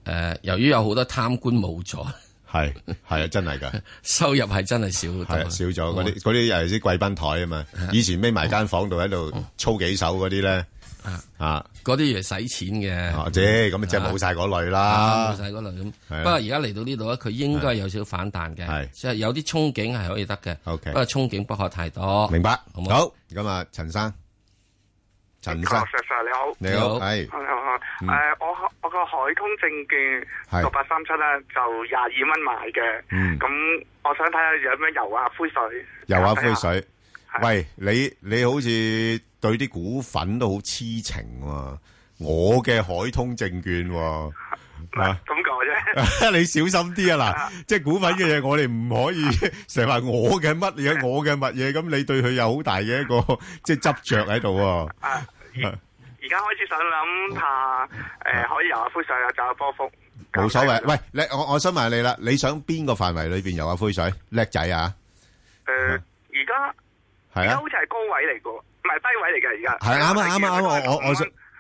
呃，由於有好多貪官冇咗，係係啊，真係噶收入係真係少咗，少咗嗰啲嗰啲尤其係啲貴賓台啊嘛，以前匿埋間房度喺度操幾手嗰啲咧，啊嗰啲係使錢嘅，或者咁即係冇晒嗰類啦，冇晒嗰類咁。不過而家嚟到呢度咧，佢應該係有少少反彈嘅，即係有啲憧憬係可以得嘅。O K，不過憧憬不可太多，明白好，好。咁啊，陳生。確實實你好，你好係，誒我我個海通證券六八三七咧就廿二蚊買嘅，咁我想睇下有咩游啊灰水，游下灰水，喂你你好似對啲股份都好痴情啊！我嘅海通證券嗱咁講啫，你小心啲啊！嗱，即係股份嘅嘢，我哋唔可以成日話我嘅乜嘢，我嘅乜嘢，咁你對佢有好大嘅一個即係執着喺度啊！而家開始想諗下，誒、呃，可以游下、啊、灰水啊，走下波幅，冇所謂。喂，我我想問你啦，你想邊個範圍裏邊游下、啊、灰水，叻仔啊？誒、呃，而家而家好似係高位嚟嘅，唔係低位嚟嘅。而家係啱啦，啱啦、啊，啱、啊啊、我我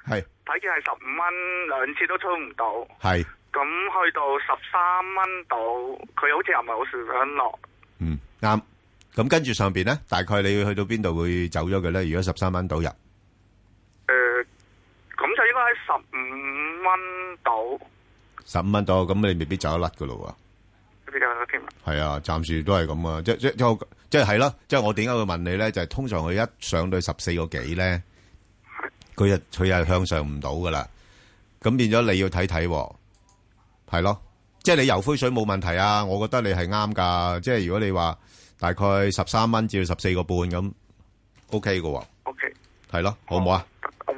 係睇見係十五蚊兩次都衝唔到，係咁去到十三蚊度，佢好似又唔係好想落。嗯，啱。咁跟住上邊咧，大概你去到邊度會走咗佢咧？如果十三蚊度入？誒、嗯，咁就應該喺十五蚊到，十五蚊到，咁你未必走得甩噶咯喎。係啊，暫時都係咁啊，即即即即係咯，即係我點解會問你咧？就係、是、通常佢一上到十四個幾咧，佢又佢又向上唔到噶啦，咁變咗你要睇睇、啊，係咯，即係你油灰水冇問題啊。我覺得你係啱噶，即係如果你話大概十三蚊至到十四個半咁，OK 噶喎、啊、，OK，係咯，好唔好啊？嗯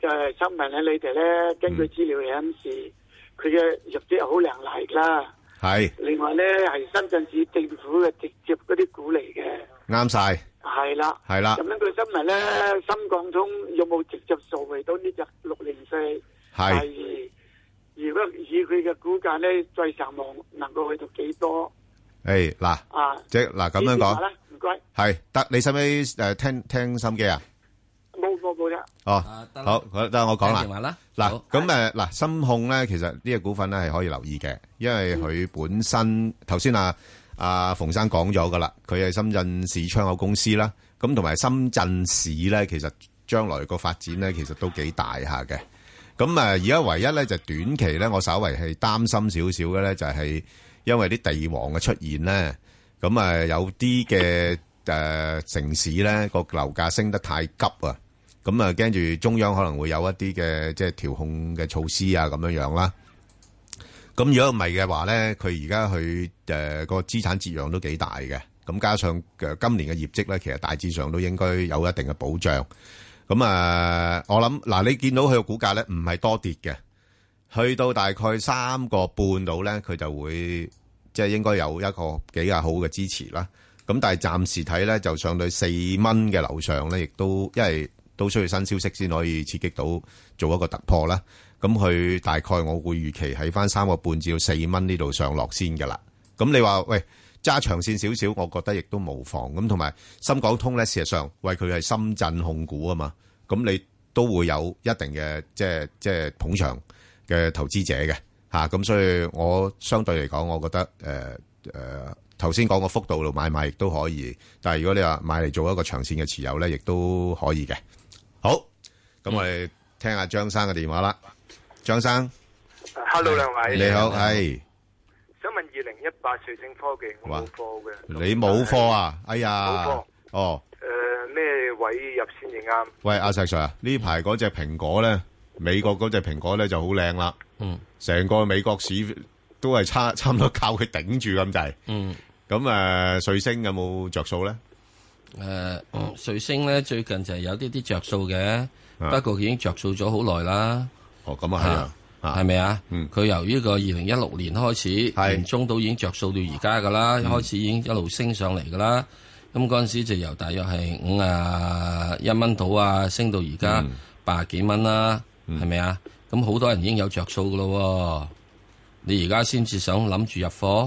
就、呃、係新聞咧，你哋咧根據資料顯示，佢、嗯、嘅業績又好亮麗啦。係。另外咧，係深圳市政府嘅直接嗰啲鼓嚟嘅。啱晒。係啦。係啦。咁樣個新聞咧，深港通有冇直接受益到604，呢隻六零四？係。如果以佢嘅股價咧，最上望能夠去到幾多？誒、欸，嗱。啊。即係嗱，咁樣講。好啦。唔該。係得，你使唔使誒聽聽心機啊？冇冇冇啫！哦、oh，啊，好，得我講啦。嗱，咁誒，嗱、哎啊，深控咧，其實呢隻股份咧係可以留意嘅，因為佢本身頭先、嗯、啊，阿、啊、馮生講咗噶啦，佢係深圳市窗口公司啦。咁同埋深圳市咧，其實將來個發展咧，其實都幾大下嘅。咁啊，而家唯一咧就是、短期咧，我稍微係擔心少少嘅咧，就係因為啲地王嘅出現咧，咁啊有啲嘅誒城市咧個樓價升得太急啊！咁啊，驚住中央可能會有一啲嘅即係調控嘅措施啊，咁樣樣啦。咁如果唔係嘅話咧，佢而家佢誒個資產折讓都幾大嘅。咁加上今年嘅業績咧，其實大致上都應該有一定嘅保障。咁、嗯、啊，我諗嗱、呃，你見到佢嘅股價咧，唔係多跌嘅，去到大概三個半度咧，佢就會即係應該有一個比較好嘅支持啦。咁但係暫時睇咧，就對上到四蚊嘅樓上咧，亦都因為。都需要新消息先可以刺激到做一個突破啦。咁佢大概我會預期喺翻三個半至到四蚊呢度上落先噶啦。咁你話喂揸長線少少，我覺得亦都無妨。咁同埋深港通咧，事實上喂，佢係深圳控股啊嘛。咁你都會有一定嘅即係即係捧場嘅投資者嘅吓。咁所以我相對嚟講，我覺得誒誒頭先講個幅度度買賣亦都可以。但係如果你話買嚟做一個長線嘅持有咧，亦都可以嘅。咁我哋聽下張生嘅電話啦，張生，Hello，兩位，你好，係想問二零一八瑞星科技冇貨嘅，你冇貨啊？哎呀，冇貨哦。誒，咩位入先至啱？喂，阿石 Sir 啊，呢排嗰隻蘋果咧，美國嗰隻蘋果咧就好靚啦，嗯，成個美國市都係差差唔多靠佢頂住咁滯，嗯，咁誒瑞星有冇着數咧？誒，瑞星咧最近就係有啲啲着數嘅。啊、不過佢已經着數咗好耐啦，哦咁啊係啊，係咪啊？佢、啊嗯、由呢個二零一六年開始，年中到已經着數到而家噶啦，開始已經一路升上嚟噶啦。咁嗰陣時就由大約係五啊一蚊到啊，升到而家八啊幾蚊啦，係咪啊？咁、嗯、好、啊、多人已經有着數噶咯、哦，你而家先至想諗住入貨，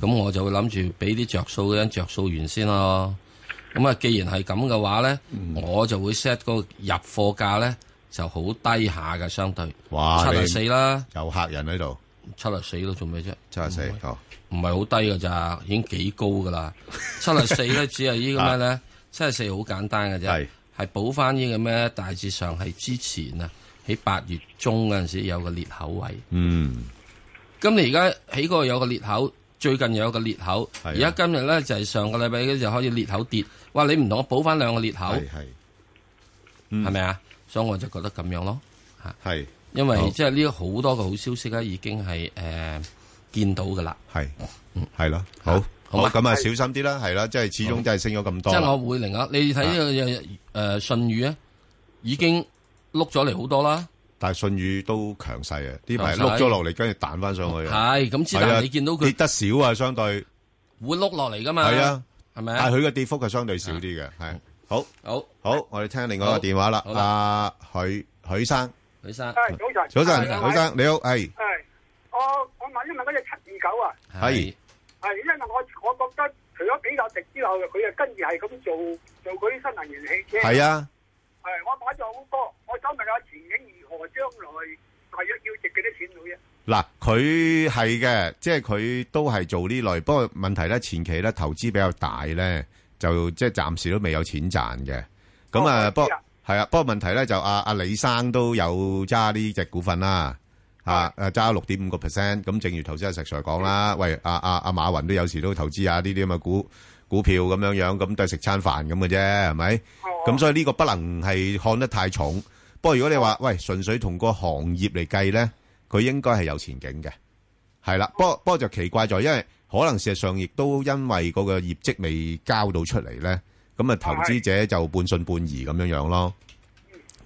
咁、嗯、我就會諗住俾啲着數嘅人着數完先咯。咁啊，既然係咁嘅話咧，嗯，我就會 set 個入貨價咧，就好低下嘅，相對哇七十四啦，有客人喺度，七十四都做咩啫？七十四，唔係好低㗎咋，已經幾高噶啦，七十四咧，只係依個咩咧？七十四好簡單嘅啫，係，係補翻依個咩？大致上係之前啊，喺八月中嗰陣時有個裂口位，嗯，咁你而家喺個有個裂口。最近又有一個裂口，啊、而家今日咧就係、是、上個禮拜嗰陣開始裂口跌，哇！你唔同我補翻兩個裂口，係咪啊？所以我就覺得咁樣咯，嚇。係，因為即係呢好多個好消息咧，已經係誒、呃、見到嘅啦。係，嗯，係咯，好，好咁啊，小心啲啦，係啦，即係始終都係升咗咁多了。即係我會另外，你睇誒誒信譽咧，已經碌咗嚟好多啦。但係信譽都強勢嘅，啲牌碌咗落嚟，跟住彈翻上去。係咁，之但你見到佢跌得少啊，相對會碌落嚟噶嘛？係啊，係咪？但係佢嘅跌幅係相對少啲嘅，係。好，好，好，我哋聽另外一個電話啦。好啦，阿許許生，許生，早晨，早晨，許生你好，係。係，我我問一問嗰隻七二九啊，係，係，因為我我覺得除咗比亞迪之後，佢就跟住係咁做做嗰啲新能源汽車。係啊，係，我買咗好多。我想問下前景如何？將來大約要值幾多錢到啫？嗱，佢係嘅，即係佢都係做呢類。不過問題咧，前期咧投資比較大咧，就即係暫時都未有錢賺嘅。咁啊、哦，不過係啊，啊，不過問題咧就阿、啊、阿李生都有揸呢隻股份啦、哦，啊，揸六點五個 percent。咁正如頭先阿石 sir 講啦，喂，阿啊阿、啊、馬雲都有時都投資下呢啲咁嘅股股票咁樣樣，咁都係食餐飯咁嘅啫，係咪？咁、哦、所以呢個不能係看得太重。不過如果你話喂，純粹同個行業嚟計咧，佢應該係有前景嘅，係啦。不過不過就奇怪在，因為可能事實上亦都因為嗰個業績未交到出嚟咧，咁啊投資者就半信半疑咁樣樣咯。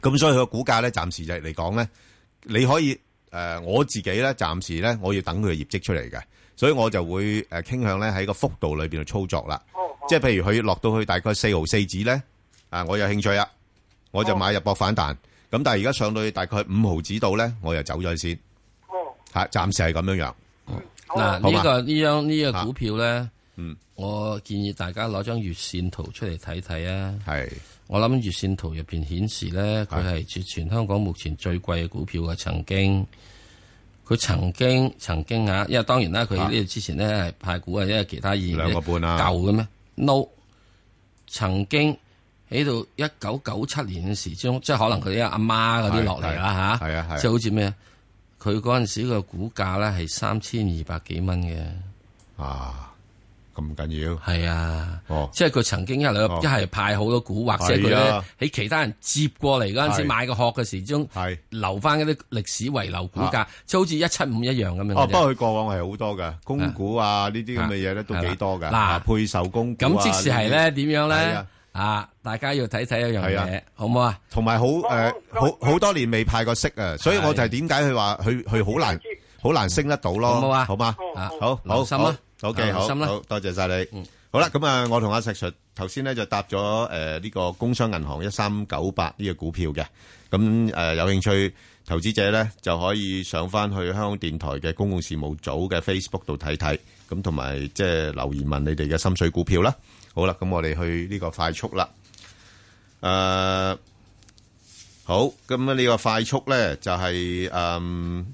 咁所以佢個股價咧，暫時就嚟講咧，你可以誒、呃，我自己咧，暫時咧，我要等佢嘅業績出嚟嘅，所以我就會誒傾向咧喺個幅度裏邊去操作啦、哦哦。即係譬如佢落到去大概四毫四紙咧，啊、呃，我有興趣啦，我就買入博反彈。哦咁但係而家上到去大概五毫子度咧，我又走咗先，暫時係咁樣樣。嗱、嗯、呢、嗯，呢個呢張呢個股票咧、嗯，我建議大家攞張月綫圖出嚟睇睇啊。係我諗月綫圖入邊顯示咧，佢係全香港目前最貴嘅股票啊！曾經，佢曾經曾經吓，因為當然啦，佢呢度之前咧係派股啊，因為其他二兩個半啊，舊嘅咩？no，曾經。喺度一九九七年嘅時中，即係可能佢啲阿媽嗰啲落嚟啦吓，即係好似咩？佢嗰陣時個股價咧，係三千二百幾蚊嘅。啊咁緊要？係啊，即係佢曾經一兩、哦、一係派好多股，或者佢咧喺其他人接過嚟嗰陣時買個殼嘅時中，係留翻啲歷史遺留股價，即係、啊、好似一七五一樣咁樣。哦、啊啊啊，不過佢過往係好多嘅，供股啊呢啲咁嘅嘢咧都幾多噶、啊啊啊，配售供股咁、啊、即是係咧？點樣咧？啊！大家要睇睇一樣嘢，好唔好啊？同埋好誒，好好多年未派過息啊，所以我就係點解佢話佢佢好難好難升得到咯，好唔好啊？好嘛，好，留心啦，好嘅，好，留心啦，多謝晒你。好啦，咁啊，我同阿石 Sir 頭先咧就搭咗誒呢個工商銀行一三九八呢個股票嘅，咁誒有興趣投資者咧就可以上翻去香港電台嘅公共事務組嘅 Facebook 度睇睇，咁同埋即係留言問你哋嘅心水股票啦。好啦，咁我哋去呢個快速啦。誒，好，咁啊呢個快速咧就係誒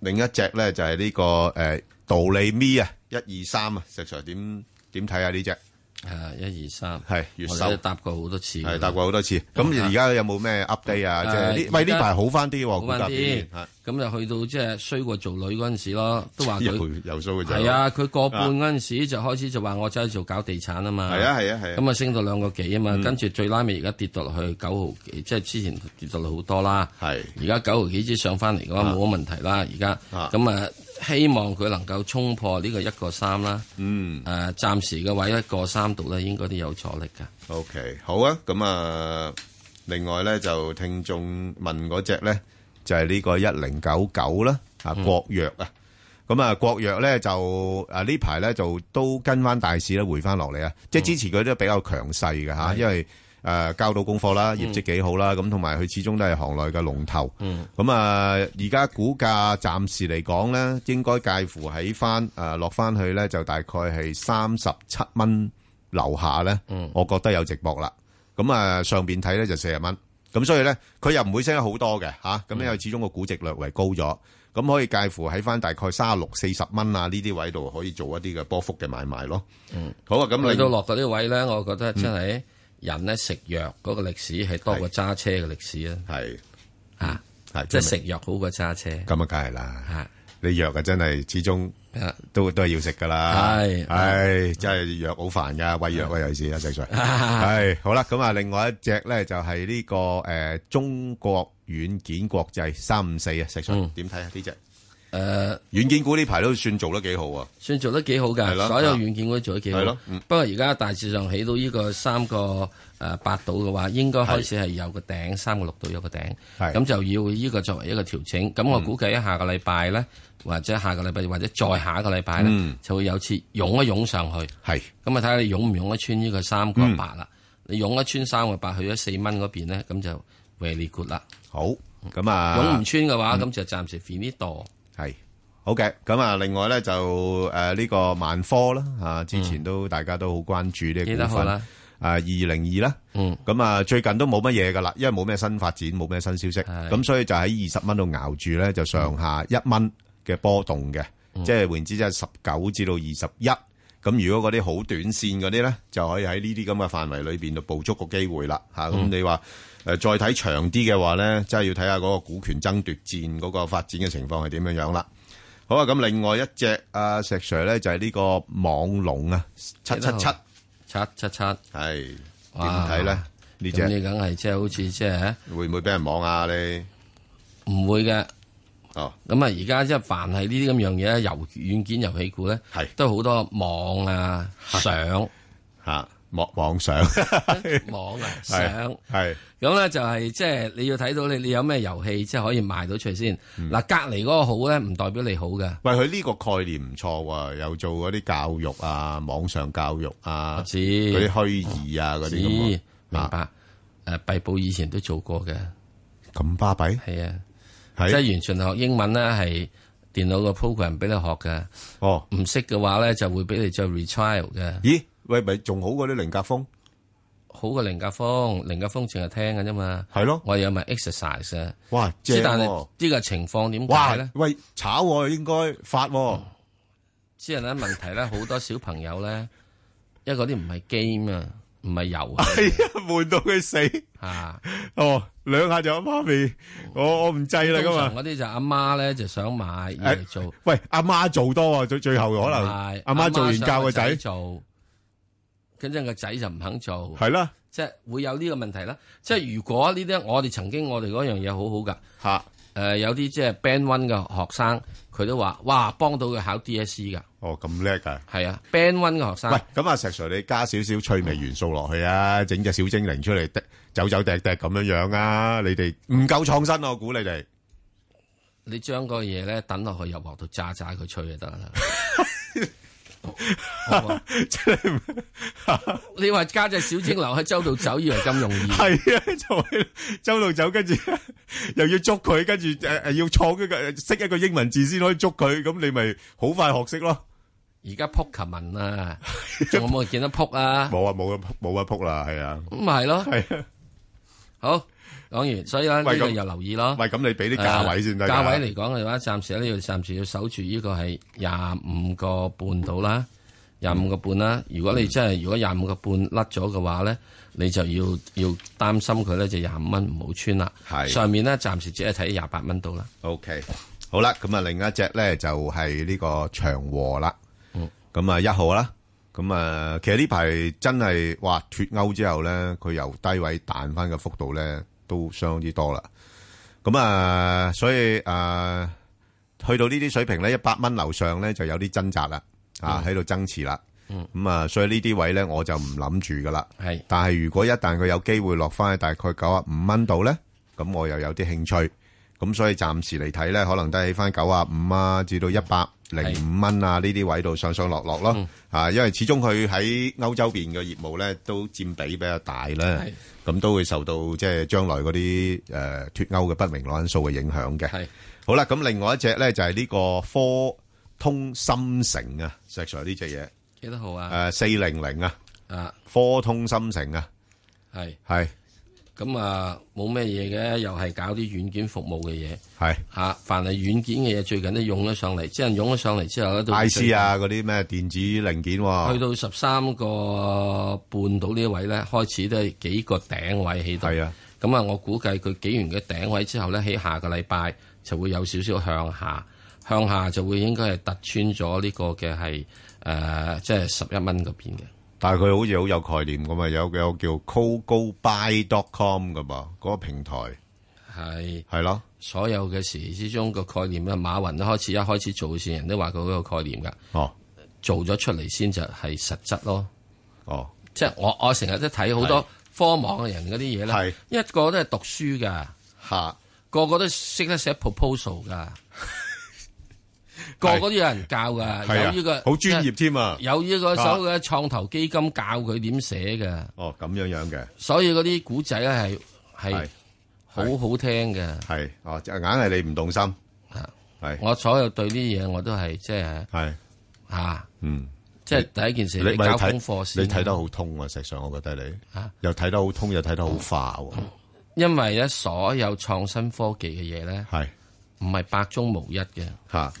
另一隻咧就係呢個誒道里咪啊，一二三啊，石才點點睇啊呢隻？誒、啊，一二三，係月收，我搭過好多，多次，係搭過好多次。咁而家有冇咩 update 啊？即係呢？喂、就是，呢排好翻啲喎，好翻啲。咁、啊、就去到即、就、係、是、衰過做女嗰陣時咯，都話佢有數嘅就係啊。佢過半嗰陣時就開始就話我走去做搞地產啊嘛。係啊，係啊，係。咁啊，啊升到兩個幾啊嘛，跟、嗯、住最拉尾而家跌落落去九毫幾，即、就、係、是、之前跌落去好多啦。係，而家九毫幾先上翻嚟嘅話冇乜問題啦。而家咁啊。啊希望佢能夠衝破呢個一個三啦。嗯，誒、啊，暫時嘅位一個三度咧，應該都有阻力噶。OK，好啊。咁啊，另外咧就聽眾問嗰隻咧，就係、是、呢個一零九九啦。啊，國藥啊，咁啊，國藥咧就呢排咧就都跟翻大市咧，回翻落嚟啊。即係支持佢都比較強勢嘅吓，因為誒、呃，交到功課啦，業績幾好啦，咁同埋佢始終都係行內嘅龍頭。咁、嗯、啊，而家、呃、股價暫時嚟講咧，應該介乎喺翻誒落翻去咧，就大概係三十七蚊樓下咧，嗯。我覺得有直播啦。咁、呃、啊，上邊睇咧就四十蚊。咁所以咧，佢又唔會升得好多嘅吓。咁因為始終個估值略為高咗，咁、嗯、可以介乎喺翻大概三十六四十蚊啊呢啲位度，可以做一啲嘅波幅嘅買賣咯。嗯，好啊，咁你，你到落到呢個位呢啲位咧，我覺得真係、嗯。人咧食藥嗰個歷史係多過揸車嘅歷史啦，係啊，係係即係食藥好過揸車，咁啊，梗係啦，你藥啊真係始終都係都係要食噶啦，唉、哎，真係藥好煩噶。喂藥啊，尤其是阿石帥，唉，好啦，咁啊，另外一隻咧就係呢、呢個、呃、中國軟件國際三五四啊，石帥點睇下呢隻？誒、呃，軟件股呢排都算做得幾好啊！算做得幾好噶，所有軟件都做得幾好。不過而家大致上起到呢個三個八度嘅話，應該開始係有個頂，三個六度有個頂。咁就要呢個作為一個調整。咁我估計下個禮拜咧、嗯，或者下個禮拜或者再下個禮拜咧、嗯，就會有次湧一湧上去。係咁啊！睇下你湧唔湧得穿呢個三個八啦。你湧得穿三個八去咗四蚊嗰邊咧，咁就 very good 啦。好，咁啊。湧唔穿嘅話，咁、嗯、就暫時 finish 度。OK，咁啊，另外咧就誒呢個萬科啦，啊、嗯、之前都大家都好關注呢啲股份啊，二零二啦，2002, 嗯，咁啊最近都冇乜嘢噶啦，因為冇咩新發展，冇咩新消息，咁所以就喺二十蚊度熬住咧，就上下一蚊嘅波動嘅，即係換言之，即係十九至到二十一。咁如果嗰啲好短線嗰啲咧，就可以喺呢啲咁嘅範圍裏邊度捕捉個機會啦。吓、嗯，咁你話誒再睇長啲嘅話咧，即、就、係、是、要睇下嗰個股權爭奪戰嗰個發展嘅情況係點樣樣啦。好啊！咁另外一隻啊石 Sir 咧就係、是、呢個網龍啊，七七七七七七係點睇咧呢隻？咁你梗係即係好似即係會唔會俾人網啊你？唔會嘅哦。咁啊，而家即係凡係呢啲咁樣嘢啊，遊軟件、遊戲股咧，係都好多網啊、上吓。網，網上， 網、啊、上係咁咧，就係即係你要睇到你你有咩遊戲即係可以賣到出嚟先。嗱、嗯，隔籬嗰個好咧，唔代表你好嘅。喂，佢呢個概念唔錯喎，又做嗰啲教育啊，網上教育啊，嗰啲虛擬啊嗰啲咁。明白？誒、啊、閉、啊、寶以前都做過嘅，咁巴閉？係啊，即係完全學英文咧，係電腦個 program 俾你學嘅。哦，唔識嘅話咧，就會俾你做 retire 嘅。咦？喂，咪仲好過啲凌格風，好過凌格風，凌格風淨係聽嘅啫嘛。係咯，我有咪 exercise 啊？哇，即係，但係呢個情況點解咧？喂，炒我應該發。之後咧，問題咧，好多小朋友咧，一個啲唔係 game 啊，唔係遊，係啊，悶到佢死啊！哦，兩下就阿媽咪，我我唔制啦咁啊！嗰啲就阿媽咧就想買嚟做。喂，阿媽做多，最最後可能阿媽做完教個仔做。咁陣個仔就唔肯做，係啦、啊，即係會有呢個問題啦。即係如果呢啲我哋曾經我哋嗰樣嘢好好噶、啊呃、有啲即係 Band One 嘅學生，佢都話哇幫到佢考 DSE 噶。哦，咁叻㗎。係啊，Band One 嘅學生。喂，咁、嗯、阿石 Sir，你加少少趣、趣味元素落去啊，整、啊、隻小精靈出嚟，走走滴滴咁樣樣啊！你哋唔夠創新啊，嗯、我估你哋。你將個嘢咧，等落去入鑊度炸炸佢吹就得啦。 你話家姐小姐留喺周度走，以為咁容易？係啊，就喺周度走，跟住又要捉佢，跟住誒誒，要錯一個識一個英文字先可以捉佢，咁你咪好快學識咯。而家扑琴文啊，我冇見得扑啊，冇啊冇啊扑冇乜扑啦，係啊，咁咪係咯，係啊，好。講完，所以咧呢個又留意咯。咁，喂你俾啲價位先啦、啊。價位嚟講嘅話，暫時你要暫時要守住呢個係廿五個半到啦，廿五個半啦。如果你真係如果廿五個半甩咗嘅話咧，你就要要擔心佢咧就廿五蚊唔好穿啦。係上面咧暫時只係睇廿八蚊到啦。OK，好啦，咁啊另一隻咧就係、是、呢個長和啦。咁啊一號啦，咁啊其實呢排真係哇脱歐之後咧，佢由低位彈翻個幅度咧，都相當之多啦，咁啊、呃，所以誒、呃，去到呢啲水平呢，一百蚊樓上呢就有啲掙扎啦，啊、嗯，喺度增持啦，咁、嗯、啊、嗯，所以呢啲位呢，我就唔諗住噶啦，係，但係如果一旦佢有機會落翻去大概九啊五蚊度呢，咁我又有啲興趣。咁所以暫時嚟睇咧，可能都喺翻九啊五啊，至到一百零五蚊啊呢啲位度上上落落咯。啊，因為始終佢喺歐洲邊嘅業務咧，都佔比比較大咧，咁都會受到即係將來嗰啲誒脫歐嘅不明朗因素嘅影響嘅。好啦，咁另外一隻咧就係呢個科通芯城啊，石 Sir 呢隻嘢幾多號啊？誒，四零零啊，啊，科通芯城啊，係係。咁啊，冇咩嘢嘅，又係搞啲軟件服務嘅嘢，係嚇、啊。凡係軟件嘅嘢，最近都湧咗上嚟。即係湧咗上嚟之後，I C 啊，嗰啲咩電子零件喎、啊。去到十三個半度呢位咧，開始都係幾個頂位起度。係啊，咁啊，我估計佢幾完嘅頂位之後咧，喺下個禮拜就會有少少向下，向下就會應該係突穿咗呢個嘅係誒，即係十一蚊嗰邊嘅。但係佢好似好有概念咁啊，有個叫 CoGoBuy.com 㗎嘛，嗰、嗰個平台係係咯，所有嘅時之中個概念咧，馬雲都開始一開始做嘅時，人都話佢好有概念噶，哦，做咗出嚟先就係實質咯，哦，即係我我成日都睇好多科網嘅人嗰啲嘢咧，係一個都係讀書噶，吓個個都識得寫 proposal 噶。個嗰啲有人教噶，有呢個好專業添啊。有呢個所謂創投基金教佢點寫嘅。哦，咁樣樣嘅，所以嗰啲古仔係係好好聽嘅。係哦，就硬係你唔動心啊。係我所有對呢啲嘢，我都係即係啊。嗯，即係第一件事你交功課先，你睇得好通啊。實際上，我覺得你又睇得好通又睇得好化，因為咧所有創新科技嘅嘢咧，係唔係百中無一嘅吓。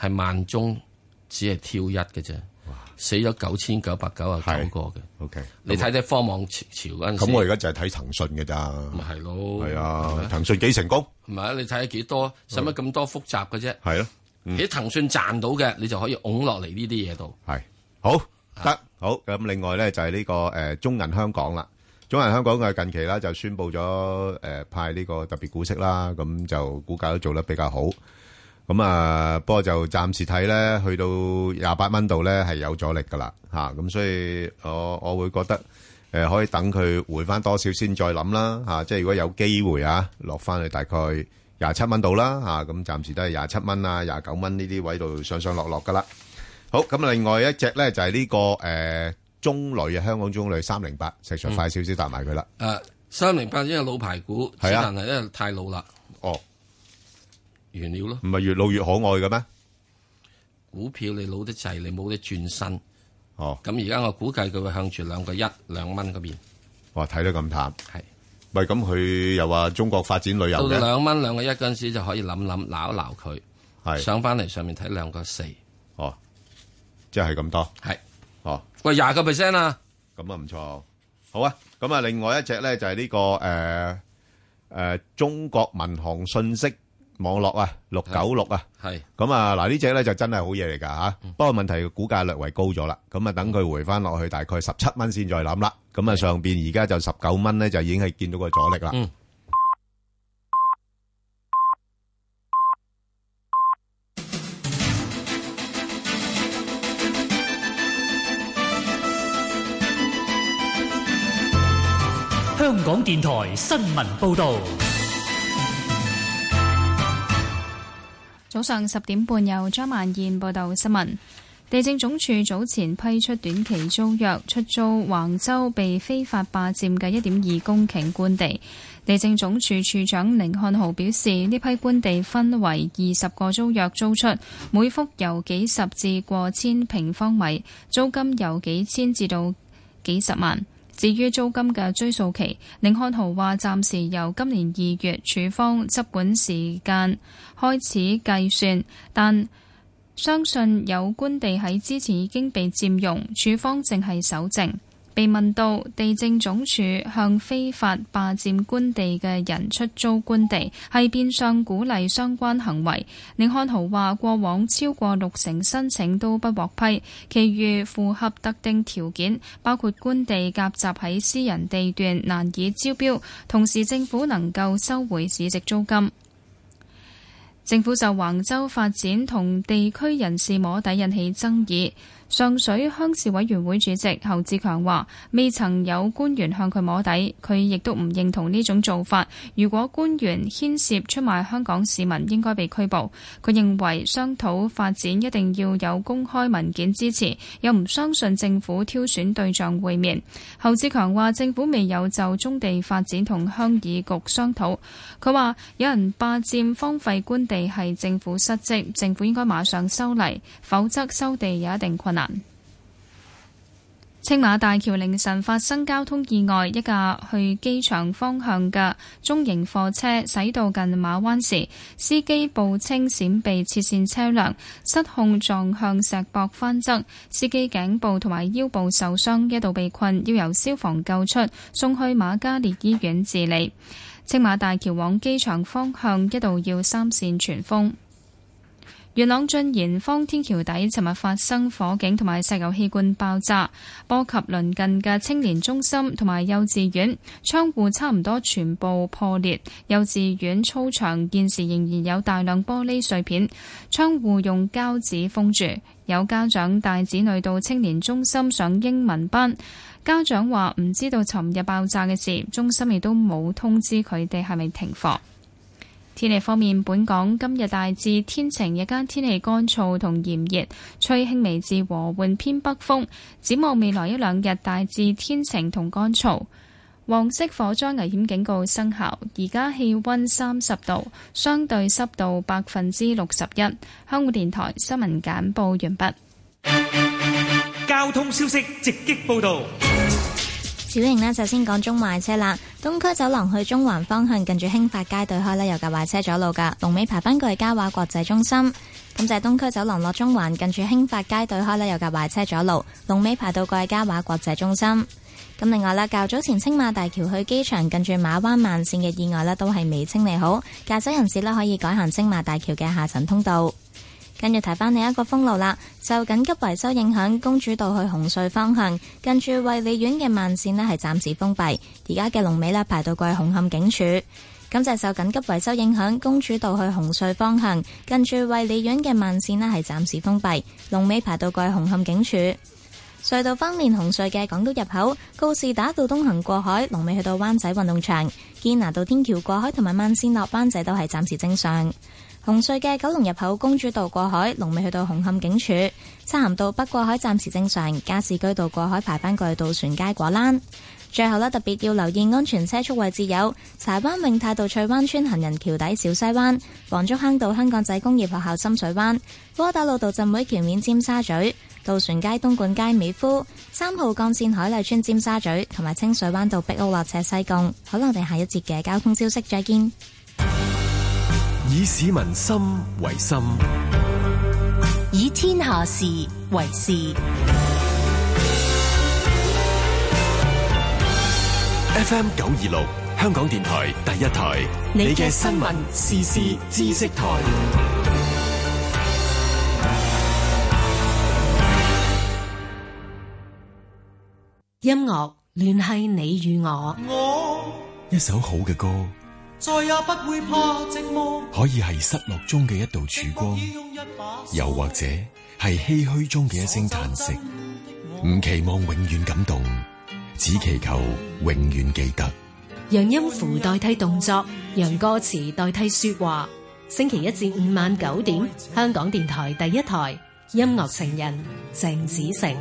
係萬中只係挑一嘅啫，死咗九千九百九十九個嘅。O、okay, K，你睇睇科網潮潮陣咁我而家就係睇騰訊嘅咋。咁係咯，係啊，騰訊、啊、幾成功？唔係啊，你睇下幾多，使乜咁多複雜嘅啫？係咯、啊，喺騰訊賺到嘅，你就可以㧬落嚟呢啲嘢度。係好得好。咁、啊、另外咧就係呢、這個誒、呃、中銀香港啦，中銀香港嘅近期啦就宣布咗誒、呃、派呢個特別股息啦，咁就股價都做得比較好。咁、嗯、啊，不過就暫時睇咧，去到廿八蚊度咧係有阻力噶啦，咁、啊、所以我我會覺得、呃、可以等佢回翻多少先再諗啦、啊，即係如果有機會啊，落翻去大概廿七蚊度啦，咁、啊啊、暫時都係廿七蚊啊、廿九蚊呢啲位度上上落落噶啦。好，咁、嗯、另外一隻咧就係、是、呢、這個誒、呃、中旅啊，香港中旅三零八，石生快少少帶埋佢啦。誒、啊，三零八呢個老牌股，只能係因為太老啦。哦。原料咯，唔係越老越可愛嘅咩？股票你老得滯，你冇得轉身哦。咁而家我估計佢會向住兩個一兩蚊嗰邊。哇，睇得咁淡係，喂，咁佢又話中國發展旅遊嘅，兩蚊兩個一嗰陣時就可以諗諗撈撈佢，係上翻嚟，上面睇兩個四哦，即係咁多係哦喂，廿個 percent 啊，咁啊唔錯好啊。咁啊，另外一隻咧就係呢個誒誒中國民航信息，網絡啊，六九六啊，係咁啊。嗱，呢隻咧就真係好嘢嚟噶吓，不過問題股價略為高咗啦，咁啊等佢回翻落去大概十七蚊先再諗啦，咁啊上邊而家就十九蚊咧就已經係見到個阻力啦。香港電台新聞報道。早上十點半，由張萬燕報道新聞。地政總署早前批出短期租約出租橫州被非法霸占嘅一點二公頃官地。地政總署署長甯漢豪表示，呢批官地分為二十個租約租出，每幅由幾十至過千平方米，租金由幾千至到幾十萬。至於租金嘅追溯期，甯漢豪話暫時由今年二月署方執管時間開始計算，但相信有官地喺之前已經被佔用，署方淨係守正。被問到地政總署向非法霸佔官地嘅人出租官地，係變相鼓勵相關行為，甯漢豪話：過往超過六成申請都不獲批，其餘符合特定條件，包括官地夾雜喺私人地段難以招標，同時政府能夠收回市值租金。政府就橫州發展同地區人士摸底引起爭議。上水鄉事委員會主席侯志強話：未曾有官員向佢摸底，佢亦都唔認同呢種做法。如果官員牽涉出賣香港市民，應該被拘捕。佢認為商討發展一定要有公開文件支持，又唔相信政府挑選對象會面。侯志強話：政府未有就中地發展同鄉議局商討。佢話：有人霸佔荒廢官地係政府失職，政府應該馬上收嚟，否則收地有一定困難。青馬大橋凌晨發生交通意外，一架去機場方向嘅中型貨車駛到近馬灣時，司機報稱閃避切線車輛失控撞向石壆翻側，司機頸部同埋腰部受傷一度被困，要由消防救出送去瑪嘉烈醫院治理。青馬大橋往機場方向一度要三線全封。元朗俊賢坊天橋底，尋日發生火警同埋石油氣罐爆炸，波及鄰近嘅青年中心同埋幼稚園，窗戶差唔多全部破裂，幼稚園操場現時仍然有大量玻璃碎片，窗戶用膠紙封住。有家長帶子女到青年中心上英文班，家長話唔知道尋日爆炸嘅事，中心亦都冇通知佢哋係咪停課。天氣方面，本港今日大致天晴，日間天氣乾燥同炎熱，吹輕微至和緩偏北風。展望未來一兩日，大致天晴同乾燥。黃色火災危險警告生效。而家氣溫三十度，相對濕度百分之六十一。香港電台新聞簡報完畢。交通消息直擊報道。小型呢，就先講中環車啦。東區走廊去中環方向近住興發街對開呢，有架壞車阻路噶，龍尾排返過去嘉華國際中心。咁就係東區走廊落中環近住興發街對開呢，有架壞車阻路，龍尾排到過去嘉華國際中心。咁另外咧，較早前青馬大橋去機場近住馬灣慢綫嘅意外呢，都係未清理好，駕駛人士呢，可以改行青馬大橋嘅下層通道。跟住提翻另一個封路啦，受緊急維修影響，公主道去紅隧方向近住衛理苑嘅慢線呢係暫時封閉，而家嘅龍尾呢排到過去紅磡警署。咁就係受緊急維修影響，公主道去紅隧方向近住衛理苑嘅慢線呢係暫時封閉，龍尾排到過去紅磡警署。隧道方面，紅隧嘅港島入口告士打道東行過海龍尾去到灣仔運動場，堅拿道天橋過海同埋慢線落灣仔都係暫時正常。紅隧嘅九龍入口公主道過海，龍尾去到紅磡警署；漆咸道北過海暫時正常；加士居道過海排翻過去渡船街果欄。最後呢，特別要留意安全車速位置有柴灣永泰道翠灣村行人橋底、小西灣、黃竹坑道香港仔工業學校深水灣、窩打老道浸會橋面、尖沙咀渡船街、東莞街、美孚三號幹線海麗村、尖沙咀同埋清水灣道壁屋或者西貢。好啦，我哋下一節嘅交通消息再見。以市民心為心，以天下事為事。FM 九二六，香港電台第一台，你嘅新聞、時事、知識台。音樂聯繫你與我，我一首好嘅歌。再也不會怕寂寞，可以係失落中嘅一道曙光，又或者係唏噓中嘅一聲嘆息。唔期望永遠感動，只祈求永遠記得。讓音符代替動作，讓歌詞代替說話。星期一至五晚九點，香港電台第一台音樂情人鄭子誠。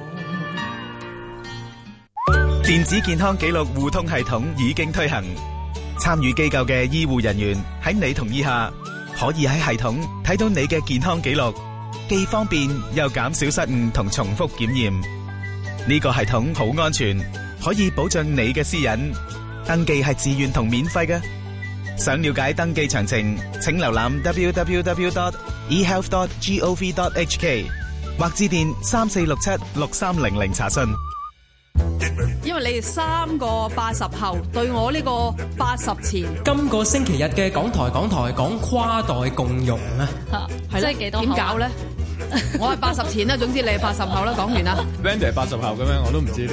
電子健康紀錄互通系統已經推行，參與機構嘅醫護人員喺你同意下，可以喺系統睇到你嘅健康記錄，既方便又減少失誤同重複檢驗。呢、這個系統好安全，可以保障你嘅私隱。登記係自願同免費嘅。想了解登記詳情，請瀏覽 www.ehealth.gov.hk 或致電三四六七六三零零查詢。因為你哋三個八十後，對我呢個八十前，今個星期日嘅港台港台講跨代共融，吓係即係幾多點搞咧？我係八十前啦，總之你係八十後啦，講完啦。Vanda 係八十後嘅咩？我都唔知。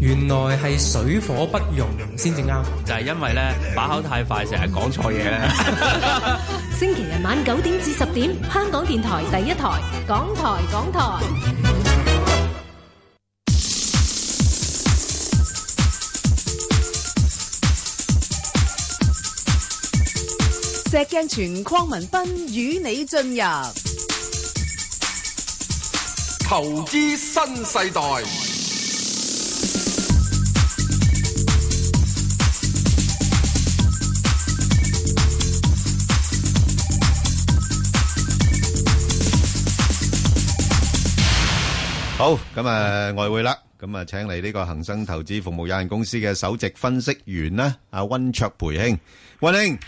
原來係水火不容先至啱，就係因為呢把口太快，成日講錯嘢咧。星期日晚九點至十點，香港電台第一台，港台港台。石鏡泉、鄺民彬與你進入投資新世代。好咁啊，外匯啦，咁啊，請嚟呢個恒生投資服務有限公司嘅首席分析員啦，阿溫卓培興，溫興。